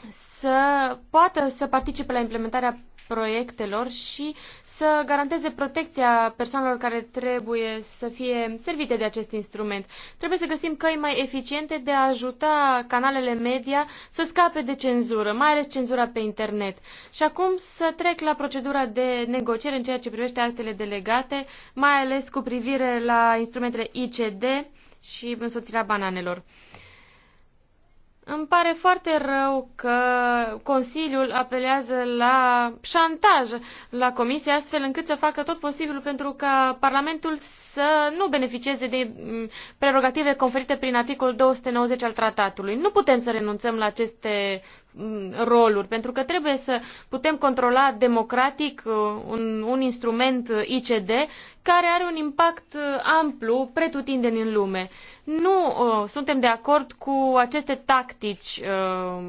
să poată să participe la implementarea proiectelor și să garanteze protecția persoanelor care trebuie să fie servite de acest instrument. Trebuie să găsim căi mai eficiente de a ajuta canalele media să scape de cenzură, mai ales cenzura pe internet. Și acum să trec la procedura de negociere în ceea ce privește actele delegate, mai ales cu privire la instrumentele ICD și însoțirea bananelor. Uh, îmi pare foarte rău că Consiliul apelează la șantaj la Comisie, astfel încât să facă tot posibilul pentru ca Parlamentul să nu beneficieze de mm, prerogative conferite prin articolul 290 al tratatului. Nu putem să renunțăm la aceste Mm, roluri, pentru că trebuie să putem controla democratic uh, un, un instrument uh, ICD care are un impact uh, amplu, pretutindeni în lume. Nu uh, suntem de acord cu aceste tactici uh,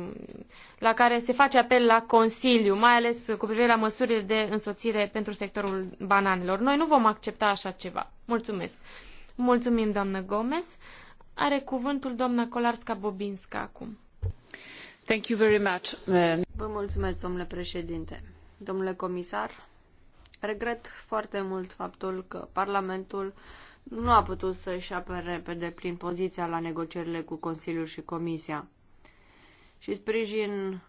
la care se face apel la Consiliu, mai ales cu privire la măsurile de însoțire pentru sectorul bananelor. Noi nu vom accepta așa ceva. Mulțumesc. Mulțumim, doamnă Gomez. Are cuvântul doamna Kolarska-Bobinska acum. Vă mulțumesc, domnule președinte. Domnule comisar, regret foarte mult faptul că Parlamentul nu a putut să-și apere pe deplin poziția la negocierile cu Consiliul și Comisia. Și sprijin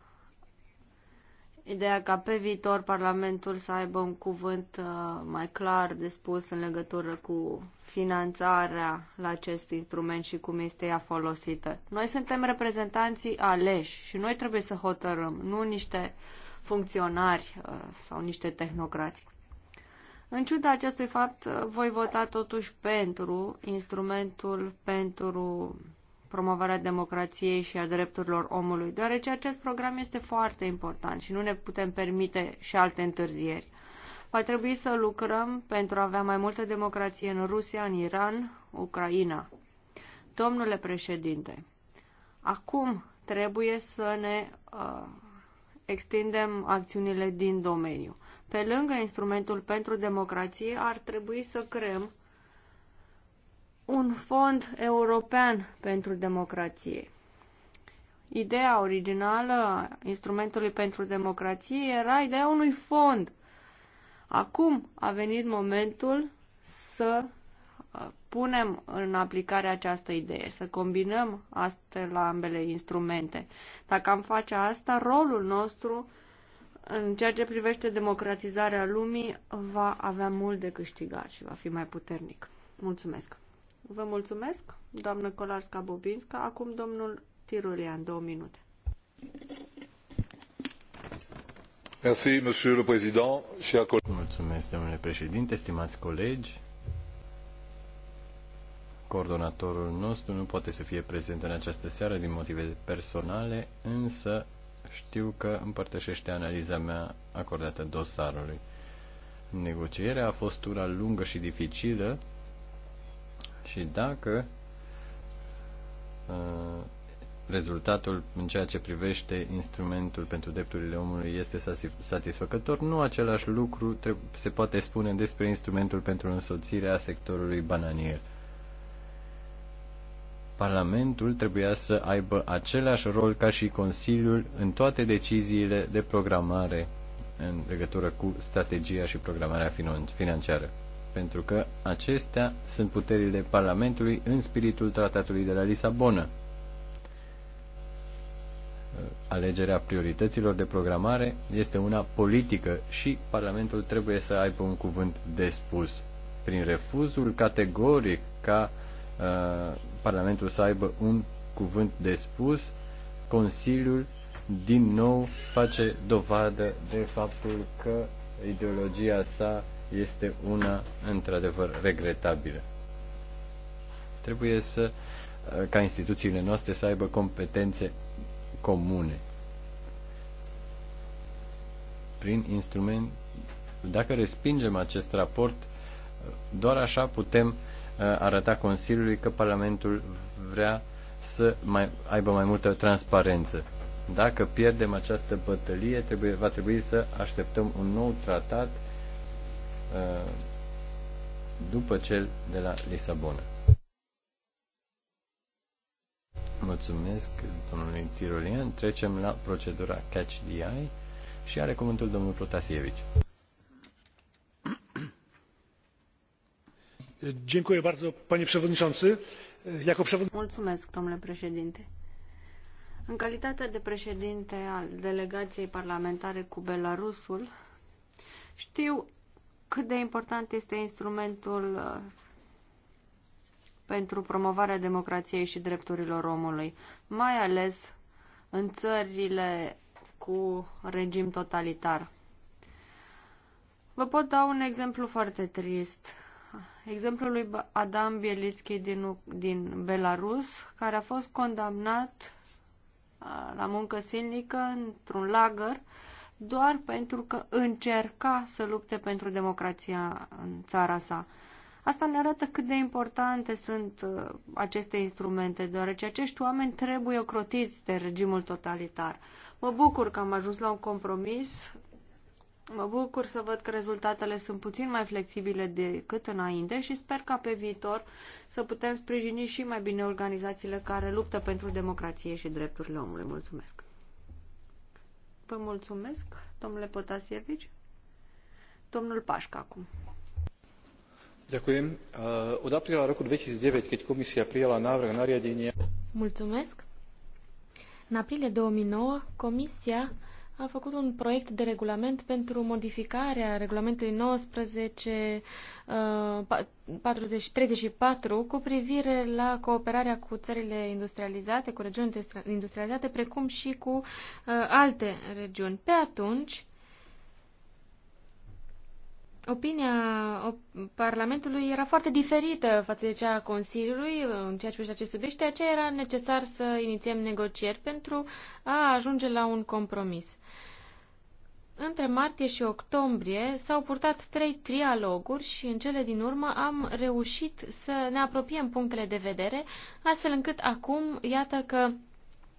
ideea ca pe viitor Parlamentul să aibă un cuvânt uh, mai clar de spus în legătură cu finanțarea la acest instrument și cum este ea folosită. Noi suntem reprezentanții aleși și noi trebuie să hotărâm, nu niște funcționari uh, sau niște tehnocrați. În ciuda acestui fapt, uh, voi vota totuși pentru instrumentul pentru promovarea democrației și a drepturilor omului, deoarece acest program este foarte important și nu ne putem permite și alte întârzieri. Va trebui să lucrăm pentru a avea mai multă democrație în Rusia, în Iran, Ucraina. Domnule președinte, acum trebuie să ne uh, extindem acțiunile din domeniu. Pe lângă instrumentul pentru democrație, ar trebui să creăm un fond european pentru democrație. Ideea originală a instrumentului pentru democrație era ideea unui fond. Acum a venit momentul să uh, punem în aplicare această idee, să combinăm astfel la ambele instrumente. Dacă am face asta, rolul nostru în ceea ce privește democratizarea lumii va avea mult de câștigat și va fi mai puternic. Mulțumesc! Vă mulțumesc, doamnă colarska bobinska Acum domnul Tirulian, două minute. Mulțumesc, domnule președinte, stimați colegi. Coordonatorul nostru nu poate să fie prezent în această seară din motive personale, însă știu că împărtășește analiza mea acordată dosarului. Negocierea a fost una lungă și dificilă, și dacă uh, rezultatul în ceea ce privește instrumentul pentru drepturile omului este satisfăcător, nu același lucru se poate spune despre instrumentul pentru însoțirea sectorului bananier. Parlamentul trebuia să aibă același rol ca și Consiliul în toate deciziile de programare în legătură cu strategia și programarea financiară pentru că acestea sunt puterile Parlamentului în spiritul tratatului de la Lisabona. Alegerea priorităților de programare este una politică și Parlamentul trebuie să aibă un cuvânt de spus. Prin refuzul categoric ca uh, Parlamentul să aibă un cuvânt de spus, Consiliul din nou face dovadă de faptul că ideologia sa este una într-adevăr regretabilă. Trebuie să, uh, ca instituțiile noastre să aibă competențe comune. Prin instrument, dacă respingem acest raport, doar așa putem uh, arăta Consiliului că Parlamentul vrea să mai, aibă mai multă transparență. Dacă pierdem această bătălie, trebuie, va trebui să așteptăm un nou tratat Uh, după cel de la Lisabona. Mulțumesc domnului Tirolian. Trecem la procedura Catch the Eye și are cuvântul domnul Protasievici. Dziękuję bardzo, panie przewodniczący. Jako przewod... Mulțumesc, domnule președinte. În calitate de președinte al delegației parlamentare cu Belarusul, știu cât de important este instrumentul uh, pentru promovarea democrației și drepturilor omului, mai ales în țările cu regim totalitar. Vă pot da un exemplu foarte trist. Exemplul lui Adam Bielitski din, din Belarus, care a fost condamnat uh, la muncă silnică într-un lagăr doar pentru că încerca să lupte pentru democrația în țara sa. Asta ne arată cât de importante sunt uh, aceste instrumente, deoarece acești oameni trebuie ocrotiți de regimul totalitar. Mă bucur că am ajuns la un compromis. Mă bucur să văd că rezultatele sunt puțin mai flexibile decât înainte și sper ca pe viitor să putem sprijini și mai bine organizațiile care luptă pentru democrație și drepturile omului. Mulțumesc! Vă mulțumesc, domnule Potasievici. Domnul Pașca acum. Ďakujem. Uh, od apríla roku 2009, keď komisia prijala návrh nariadenia... Mulțumesc. În aprilie 2009, comisia a făcut un proiect de regulament pentru modificarea regulamentului 19 40, 34 cu privire la cooperarea cu țările industrializate, cu regiuni industrializate, precum și cu uh, alte regiuni. Pe atunci, opinia Parlamentului era foarte diferită față de cea a Consiliului în ceea ce privește acest subiect de aceea era necesar să inițiem negocieri pentru a ajunge la un compromis. Între martie și octombrie s-au purtat trei trialoguri și în cele din urmă am reușit să ne apropiem punctele de vedere, astfel încât acum, iată că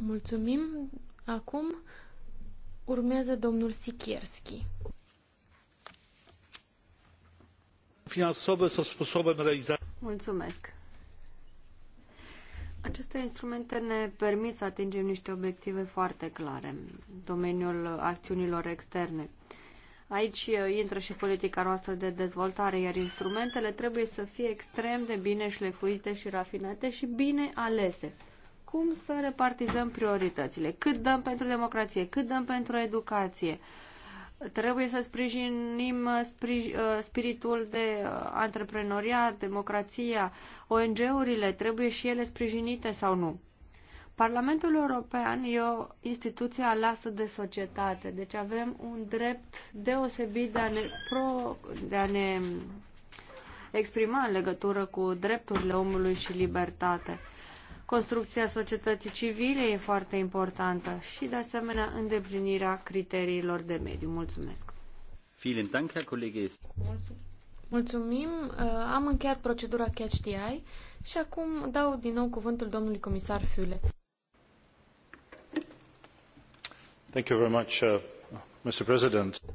Mulțumim. Acum urmează domnul Sikierski. Finansowe są sposobem realizacji. Mulțumesc. Aceste instrumente ne permit să atingem niște obiective foarte clare în domeniul acțiunilor externe. Aici uh, intră și politica noastră de dezvoltare, iar instrumentele trebuie să fie extrem de bine șlefuite și rafinate și bine alese. Cum să repartizăm prioritățile? Cât dăm pentru democrație? Cât dăm pentru educație? Trebuie să sprijinim uh, uh, spiritul de antreprenoriat, democrația, ONG-urile, trebuie și ele sprijinite sau nu? Parlamentul European e o instituție aleasă de societate, deci avem un drept deosebit de a ne, pro, de a ne exprima în legătură cu drepturile omului și libertate. Construcția societății civile e foarte importantă și, de asemenea, îndeplinirea criteriilor de mediu. Mulțumesc! Mulțumim! Uh, am încheiat procedura Catch the Eye și acum dau din nou cuvântul domnului comisar Fiule. Uh,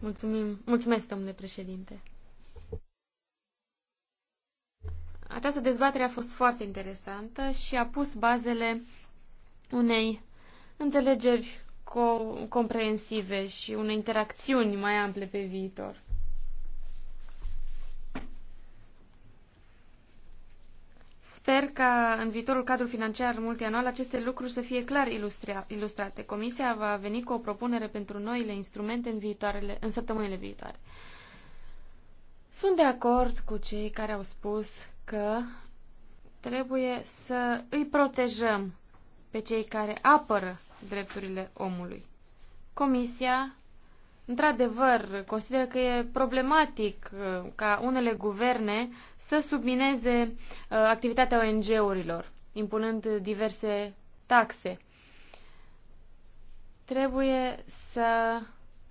Mulțumim. Mulțumesc, domnule președinte. Această dezbatere a fost foarte interesantă și a pus bazele unei înțelegeri comprehensive comprensive și unei interacțiuni mai ample pe viitor. Sper ca în viitorul cadru financiar multianual aceste lucruri să fie clar ilustrate. Comisia va veni cu o propunere pentru noile instrumente în, viitoarele, în săptămânile viitoare. Sunt de acord cu cei care au spus că trebuie să îi protejăm pe cei care apără drepturile omului. Comisia într-adevăr, consider că e problematic uh, ca unele guverne să submineze uh, activitatea ONG-urilor, impunând diverse taxe. Trebuie să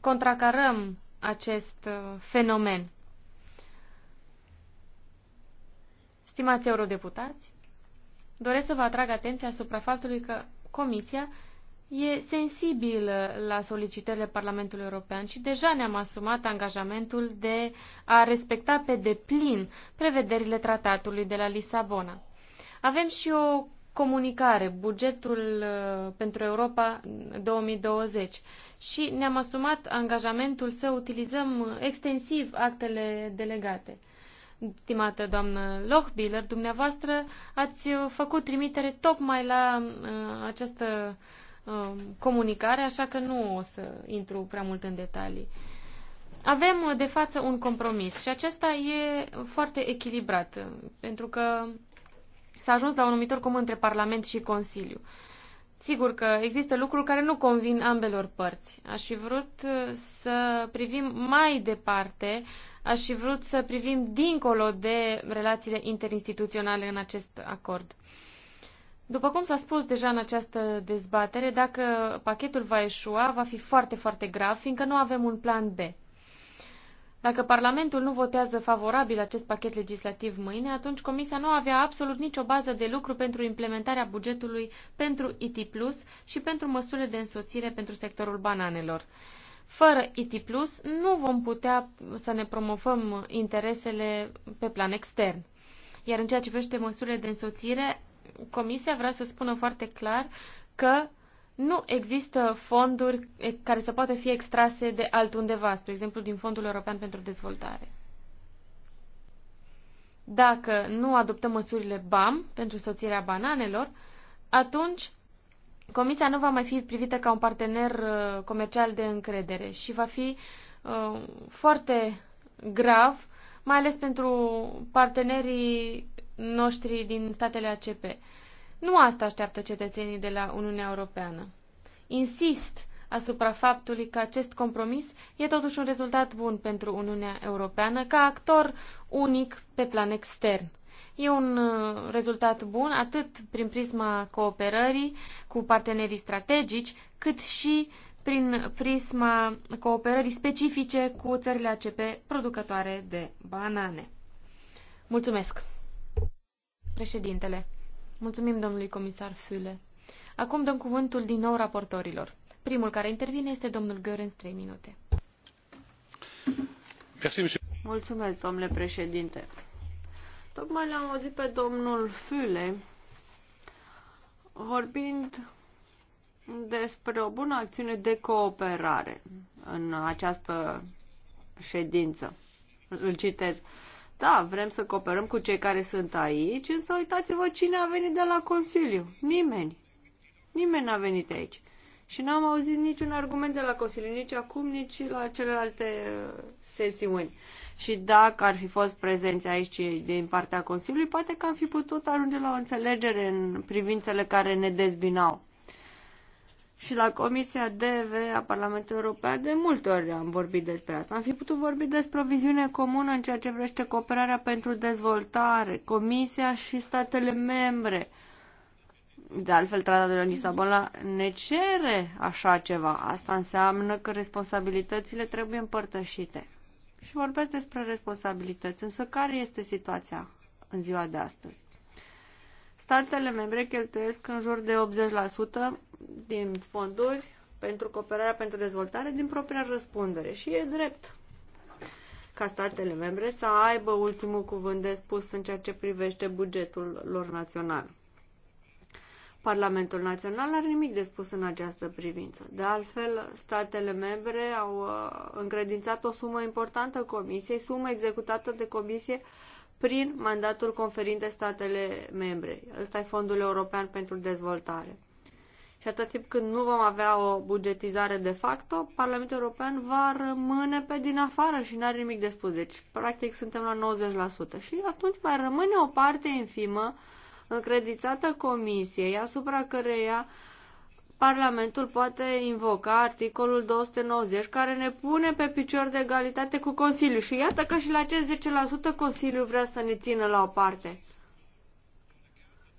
contracarăm acest uh, fenomen. Stimați eurodeputați, doresc să vă atrag atenția asupra faptului că Comisia e sensibil uh, la solicitările Parlamentului European și deja ne-am asumat angajamentul de a respecta pe deplin prevederile tratatului de la Lisabona. Avem și o comunicare, bugetul uh, pentru Europa 2020 și ne-am asumat angajamentul să utilizăm extensiv actele delegate. Stimată doamnă Lochbiller, dumneavoastră ați uh, făcut trimitere tocmai la uh, această uh, Um, comunicare, așa că nu o să intru prea mult în detalii. Avem uh, de față un compromis și acesta e foarte echilibrat, uh, pentru că s-a ajuns la un numitor comun între Parlament și Consiliu. Sigur că există lucruri care nu convin ambelor părți. Aș fi vrut uh, să privim mai departe, aș fi vrut să privim dincolo de relațiile interinstituționale în acest acord. Uh, după cum s-a spus deja în această dezbatere, dacă pachetul va eșua, va fi foarte, foarte grav, fiindcă nu avem un plan B. Dacă Parlamentul nu votează favorabil acest pachet legislativ mâine, atunci Comisia nu avea absolut nicio bază de lucru pentru implementarea bugetului pentru IT Plus și pentru măsurile de însoțire pentru sectorul bananelor. Fără IT Plus nu vom putea să ne promovăm interesele pe plan extern. Iar în ceea ce privește măsurile de însoțire, Comisia vrea să spună foarte clar că nu există fonduri care să poată fi extrase de altundeva, spre exemplu din Fondul European pentru Dezvoltare. Dacă nu adoptăm măsurile BAM pentru soțirea bananelor, atunci Comisia nu va mai fi privită ca un partener uh, comercial de încredere și va fi uh, foarte grav, mai ales pentru partenerii noștri din statele ACP. Nu asta așteaptă cetățenii de la Uniunea Europeană. Insist asupra faptului că acest compromis e totuși un rezultat bun pentru Uniunea Europeană ca actor unic pe plan extern. E un uh, rezultat bun atât prin prisma cooperării cu partenerii strategici, cât și prin prisma cooperării specifice cu țările ACP producătoare de banane. Mulțumesc! Președintele, mulțumim domnului comisar Füle. Acum dăm cuvântul din nou raportorilor. Primul care intervine este domnul Görens, 3 minute. Mulțumesc, domnule președinte. Tocmai l-am auzit pe domnul Füle vorbind despre o bună acțiune de cooperare în această ședință. Îl citez. Da, vrem să cooperăm cu cei care sunt aici, însă uitați-vă cine a venit de la Consiliu. Nimeni. Nimeni n-a venit aici. Și n-am auzit niciun argument de la Consiliu, nici acum, nici la celelalte uh, sesiuni. Și dacă ar fi fost prezenți aici din partea Consiliului, poate că am fi putut ajunge la o înțelegere în privințele care ne dezbinau. Și la Comisia DV a Parlamentului European de multe ori am vorbit despre asta. Am fi putut vorbi despre o viziune comună în ceea ce vrește cooperarea pentru dezvoltare, Comisia și statele membre. De altfel, tratatul de Lisabona ne cere așa ceva. Asta înseamnă că responsabilitățile trebuie împărtășite. Și vorbesc despre responsabilități. Însă care este situația în ziua de astăzi? Statele membre cheltuiesc în jur de 80% din fonduri pentru cooperarea pentru dezvoltare din propria răspundere și e drept ca statele membre să aibă ultimul cuvânt de spus în ceea ce privește bugetul lor național. Parlamentul Național are nimic de spus în această privință. De altfel, statele membre au uh, încredințat o sumă importantă Comisiei, sumă executată de Comisie prin mandatul conferit de statele membre. Ăsta e Fondul European pentru Dezvoltare. Și atât timp când nu vom avea o bugetizare de facto, Parlamentul European va rămâne pe din afară și nu are nimic de spus. Deci, practic, suntem la 90%. Și atunci mai rămâne o parte infimă încredițată Comisiei, asupra căreia Parlamentul poate invoca articolul 290 care ne pune pe picior de egalitate cu Consiliul. Și iată că și la acest 10% Consiliul vrea să ne țină la o parte.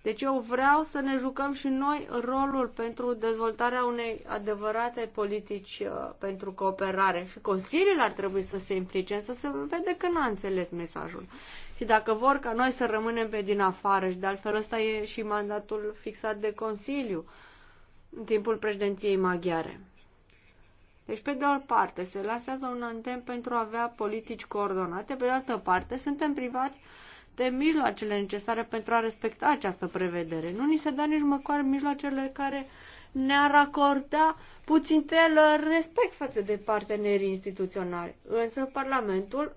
Deci eu vreau să ne jucăm și noi rolul pentru dezvoltarea unei adevărate politici uh, pentru cooperare și Consiliul ar trebui să se implice, să se vede că n-a înțeles mesajul. Și dacă vor ca noi să rămânem pe din afară și de altfel ăsta e și mandatul fixat de Consiliu în timpul președinției maghiare. Deci, pe de o parte, se lasează un antem pentru a avea politici coordonate, pe de altă parte, suntem privați uh, de mijloacele necesare pentru a respecta această prevedere. Nu ni se dă nici măcar mijloacele care ne-ar acorda puțin respect față de partenerii instituționali. Însă Parlamentul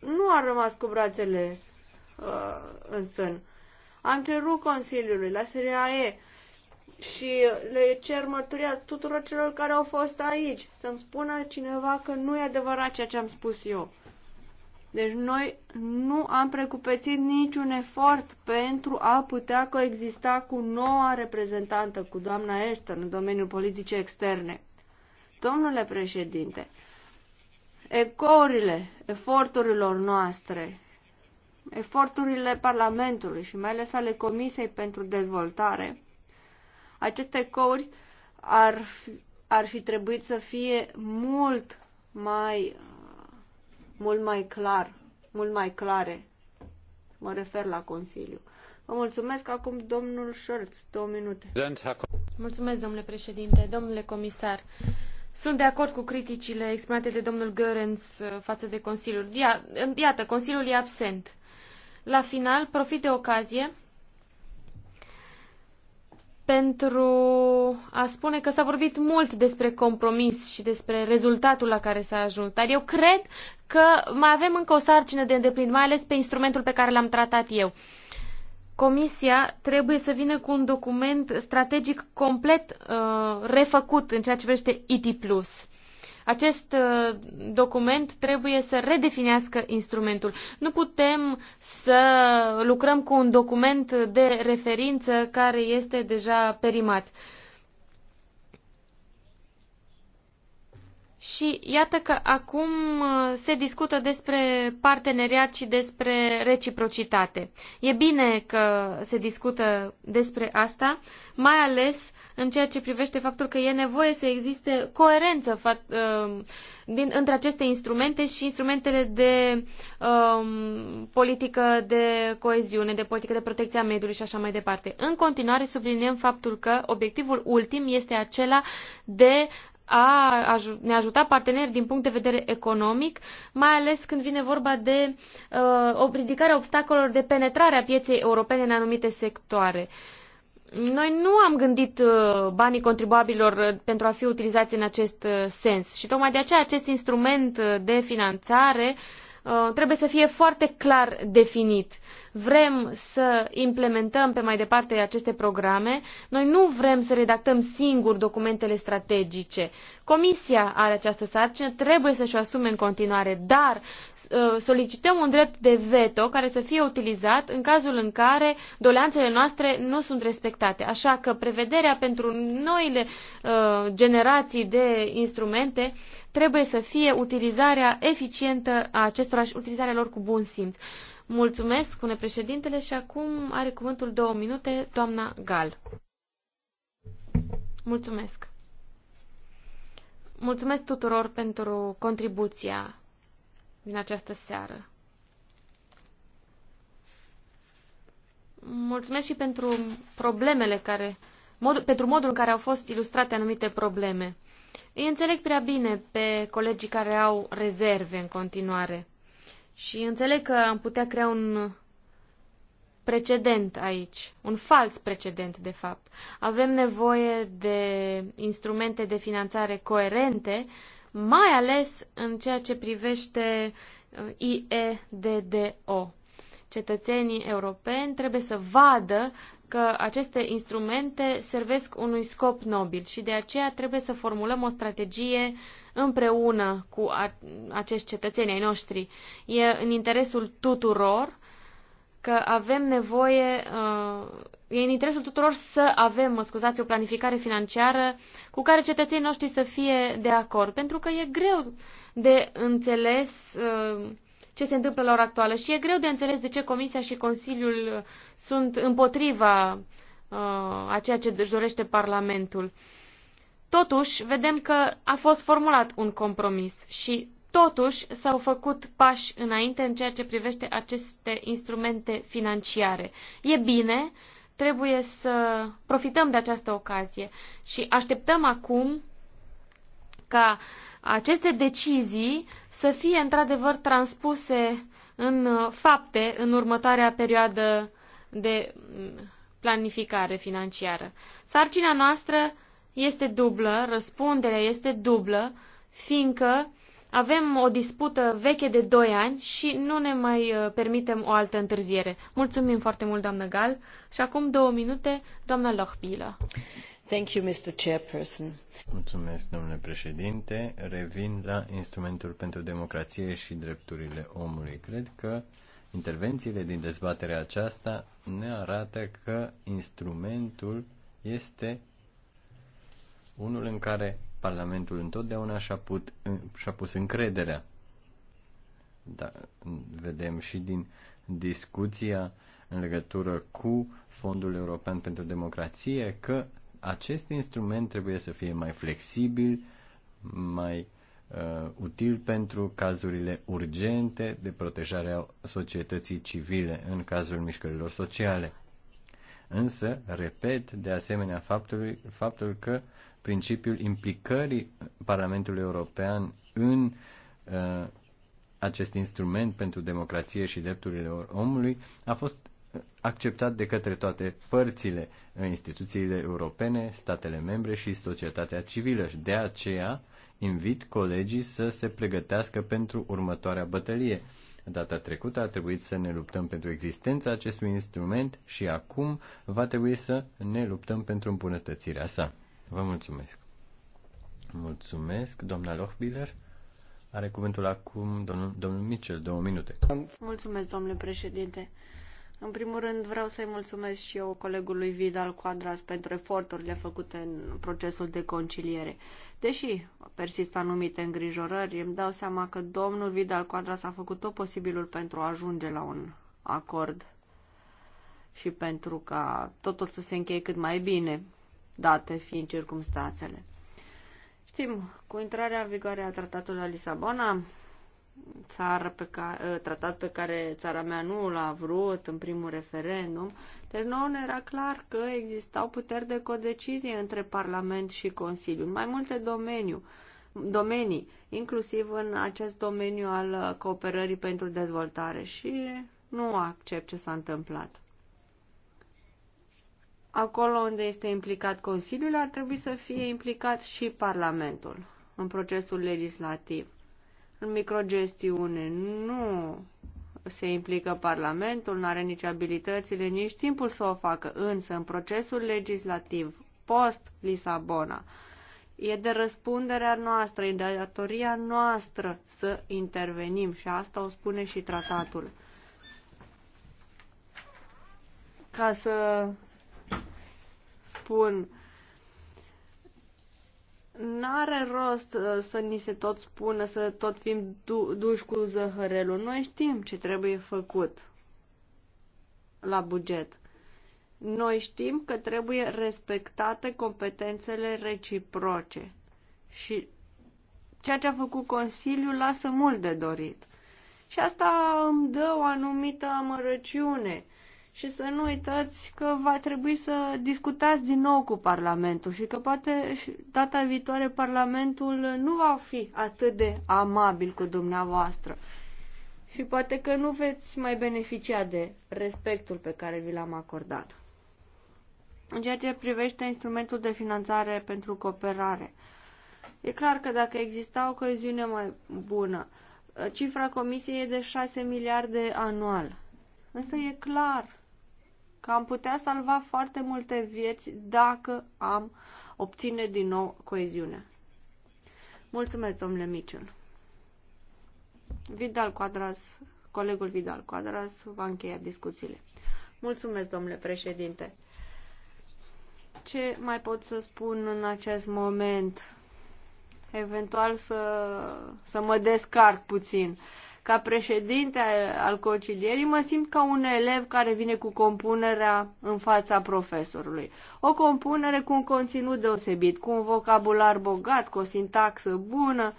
nu a rămas cu brațele uh, în sân. Am cerut Consiliului la SRAE și le cer mărturia tuturor celor care au fost aici. Să-mi spună cineva că nu e adevărat ceea ce am spus eu. Deci noi nu am precupețit niciun efort pentru a putea coexista cu noua reprezentantă, cu doamna Ashton, în domeniul politicii externe. Domnule președinte, ecourile eforturilor noastre, eforturile Parlamentului și mai ales ale Comisiei pentru Dezvoltare, aceste ecouri ar, ar fi trebuit să fie mult mai mult mai clar, mult mai clare. Mă refer la Consiliu. Vă mulțumesc acum domnul Șorț, două minute. Mulțumesc, domnule președinte, domnule comisar. Sunt de acord cu criticile exprimate de domnul Görens uh, față de Consiliul. Ia, iată, Consiliul e absent. La final, profit de ocazie pentru a spune că s-a vorbit mult despre compromis și despre rezultatul la care s-a ajuns. Dar eu cred că mai avem încă o sarcină de îndeplinit, mai ales pe instrumentul pe care l-am tratat eu. Comisia trebuie să vină cu un document strategic complet uh, refăcut în ceea ce privește IT+. Acest uh, document trebuie să redefinească instrumentul. Nu putem să lucrăm cu un document de referință care este deja perimat. Și iată că acum uh, se discută despre parteneriat și despre reciprocitate. E bine că se discută despre asta, mai ales în ceea ce privește faptul că e nevoie să existe coerență um, din, între aceste instrumente și instrumentele de um, politică de coeziune, de politică de protecție a mediului și așa mai departe. În continuare subliniem faptul că obiectivul ultim este acela de a ne ajuta parteneri din punct de vedere economic, mai ales când vine vorba de uh, ridicarea obstacolelor de penetrare a pieței europene în anumite sectoare. Uh, noi nu am gândit uh, banii contribuabilor uh, pentru a fi utilizați în acest uh, sens și tocmai de aceea acest instrument de finanțare trebuie să fie foarte clar definit. Uh, vrem să implementăm pe mai departe aceste programe, noi nu vrem să redactăm singur documentele strategice. Comisia are această sarcină, trebuie să-și o asume în continuare, dar uh, solicităm un drept de veto care să fie utilizat în cazul în care doleanțele noastre nu sunt respectate. Așa că prevederea pentru noile uh, generații de instrumente trebuie să fie utilizarea eficientă a acestora și utilizarea lor cu bun simț. Mulțumesc, spune președintele, și acum are cuvântul două minute doamna Gal. Mulțumesc. Mulțumesc tuturor pentru contribuția din această seară. Mulțumesc și pentru problemele care, mod, pentru modul în care au fost ilustrate anumite probleme. Îi înțeleg prea bine pe colegii care au rezerve în continuare. Și înțeleg că am putea crea un precedent aici, un fals precedent, de fapt. Avem nevoie de instrumente de finanțare coerente, mai ales în ceea ce privește uh, IEDDO. Cetățenii europeni trebuie să vadă că aceste instrumente servesc unui scop nobil și de aceea trebuie să formulăm o strategie uh, împreună cu a, acești cetățeni ai noștri. E în interesul tuturor că avem nevoie, uh, e în interesul tuturor să avem, mă scuzați, o planificare financiară cu care cetățenii noștri să fie de acord, pentru că e greu de înțeles uh, ce se întâmplă la ora actuală și e greu de înțeles de ce Comisia și Consiliul sunt împotriva uh, a ceea ce își dorește Parlamentul. Totuși, vedem că a fost formulat un compromis și totuși s-au făcut pași înainte în ceea ce privește aceste instrumente financiare. E bine, trebuie să profităm de această ocazie și așteptăm acum ca aceste decizii să fie într-adevăr transpuse în fapte în următoarea perioadă de planificare financiară. Sarcina noastră este dublă, răspunderea este dublă, fiindcă avem o dispută veche de 2 ani și nu ne mai uh, permitem o altă întârziere. Mulțumim foarte mult, doamnă Gal. Și acum două minute, doamna Lohbilă. Thank you, Mr. Chairperson. Mulțumesc, domnule președinte. Revin la instrumentul pentru democrație și drepturile omului. Cred că intervențiile din dezbaterea aceasta ne arată că instrumentul este unul în care Parlamentul întotdeauna și-a, put, și-a pus încrederea. Da, vedem și din discuția în legătură cu Fondul European pentru Democrație că acest instrument trebuie să fie mai flexibil, mai uh, util pentru cazurile urgente de protejare a societății civile în cazul mișcărilor sociale. Însă, repet de asemenea faptului, faptul că uh, principiul implicării Parlamentului European în uh, acest instrument pentru democrație și drepturile omului a fost acceptat de către toate părțile, uh, instituțiile europene, statele membre și societatea civilă. Și de aceea invit colegii să se pregătească pentru următoarea bătălie. Data trecută a trebuit să ne luptăm pentru existența acestui instrument și acum va trebui să ne luptăm pentru îmbunătățirea sa. Vă mulțumesc. Mulțumesc, doamna Lochbiller. Are cuvântul acum domnul, domnul Mitchell, două minute. Mulțumesc, domnule președinte. În primul rând vreau să-i mulțumesc și eu colegului Vidal Quadras pentru eforturile făcute în procesul de conciliere. Deși persistă anumite îngrijorări, îmi dau seama că domnul Vidal Quadras a făcut tot posibilul pentru a ajunge la un acord și pentru ca totul să se încheie cât mai bine date fiind circumstanțele. Știm, cu intrarea în vigoare a tratatului la Lisabona, țară pe care, ă, tratat pe care țara mea nu l-a vrut în primul referendum, deci nouă ne era clar că existau puteri de codecizie între Parlament și Consiliu, în mai multe domeniu, domenii, inclusiv în acest domeniu al cooperării pentru dezvoltare și nu accept ce s-a întâmplat acolo unde este implicat Consiliul, ar trebui să fie implicat și Parlamentul în procesul legislativ. În microgestiune nu se implică Parlamentul, nu are nici abilitățile, nici timpul să o facă, însă în procesul legislativ post-Lisabona e de răspunderea noastră, e de datoria noastră să intervenim și asta o spune și tratatul. Ca să spun n-are rost uh, să ni se tot spună, să tot fim du- duși cu zăhărelul. Noi știm ce trebuie făcut la buget. Noi știm că trebuie respectate competențele reciproce și ceea ce a făcut Consiliul lasă mult de dorit. Și asta îmi dă o anumită amărăciune și să nu uitați că va trebui să discutați din nou cu Parlamentul și că poate data viitoare Parlamentul nu va fi atât de amabil cu dumneavoastră și poate că nu veți mai beneficia de respectul pe care vi l-am acordat. În ceea ce privește instrumentul de finanțare pentru cooperare, e clar că dacă exista o coeziune mai bună, cifra comisiei e de 6 miliarde anual. Însă e clar că am putea salva foarte multe vieți dacă am obține din nou coeziunea. Mulțumesc, domnule Mitchell. Vidal Quadras, colegul Vidal Quadras va încheia discuțiile. Mulțumesc, domnule președinte. Ce mai pot să spun în acest moment? Eventual să, să mă descarc puțin. Uh, ca președinte al concilierii mă simt ca un elev care vine cu compunerea în fața profesorului. O compunere cu un conținut deosebit, cu un vocabular bogat, cu o sintaxă bună,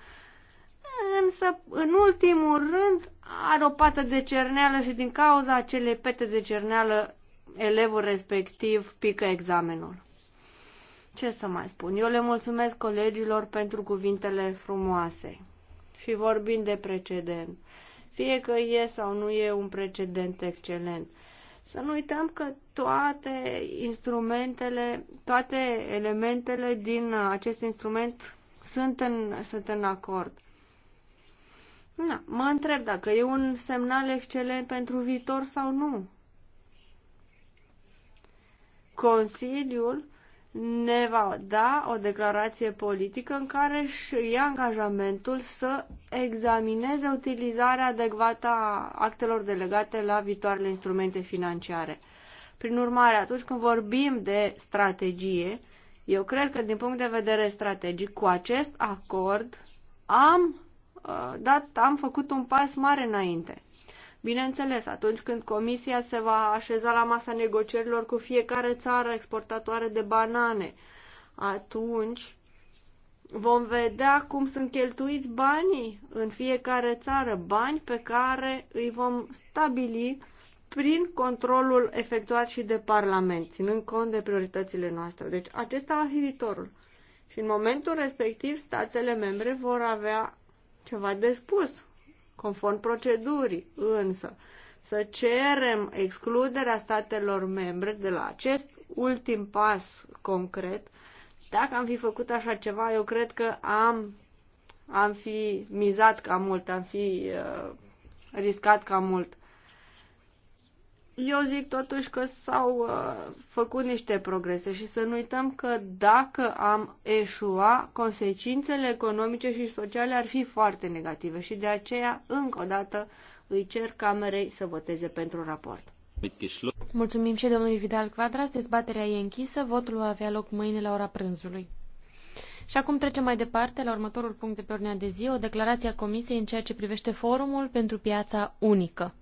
însă, în ultimul rând, are o pată de cerneală și din cauza acelei pete de cerneală, elevul respectiv pică examenul. Ce să mai spun? Eu le mulțumesc colegilor pentru cuvintele frumoase și vorbim de precedent. Fie că e sau nu e un precedent excelent. Să nu uităm că toate instrumentele, toate elementele din acest instrument sunt în, sunt în acord. Na, mă întreb dacă e un semnal excelent pentru viitor sau nu. Consiliul ne va da o declarație politică în care își ia angajamentul să examineze utilizarea adecvată a actelor delegate la viitoarele instrumente financiare. Prin urmare, atunci când vorbim de strategie, eu cred că din punct de vedere strategic, cu acest acord am, uh, dat, am făcut un pas mare înainte. Bineînțeles, atunci când Comisia se va așeza la masa negocierilor cu fiecare țară exportatoare de banane, atunci vom vedea cum sunt cheltuiți banii în fiecare țară, bani pe care îi vom stabili prin controlul efectuat și de Parlament, ținând cont de prioritățile noastre. Deci acesta a viitorul. Și în momentul respectiv, statele membre vor avea ceva de spus conform procedurii, însă să cerem excluderea statelor membre de la acest ultim pas concret, dacă am fi făcut așa ceva, eu cred că am, am fi mizat cam mult, am fi uh, riscat cam mult. Eu zic totuși că s-au uh, făcut niște progrese și să nu uităm că dacă am eșua, consecințele economice și sociale ar fi foarte negative și de aceea, încă o dată, îi cer Camerei să voteze pentru raport. Mulțumim și domnului Vidal Quadras. Dezbaterea e închisă. Votul va avea loc mâine la ora prânzului. Și acum trecem mai departe la următorul punct de pe ordinea de zi, o declarație a Comisiei în ceea ce privește forumul pentru piața unică.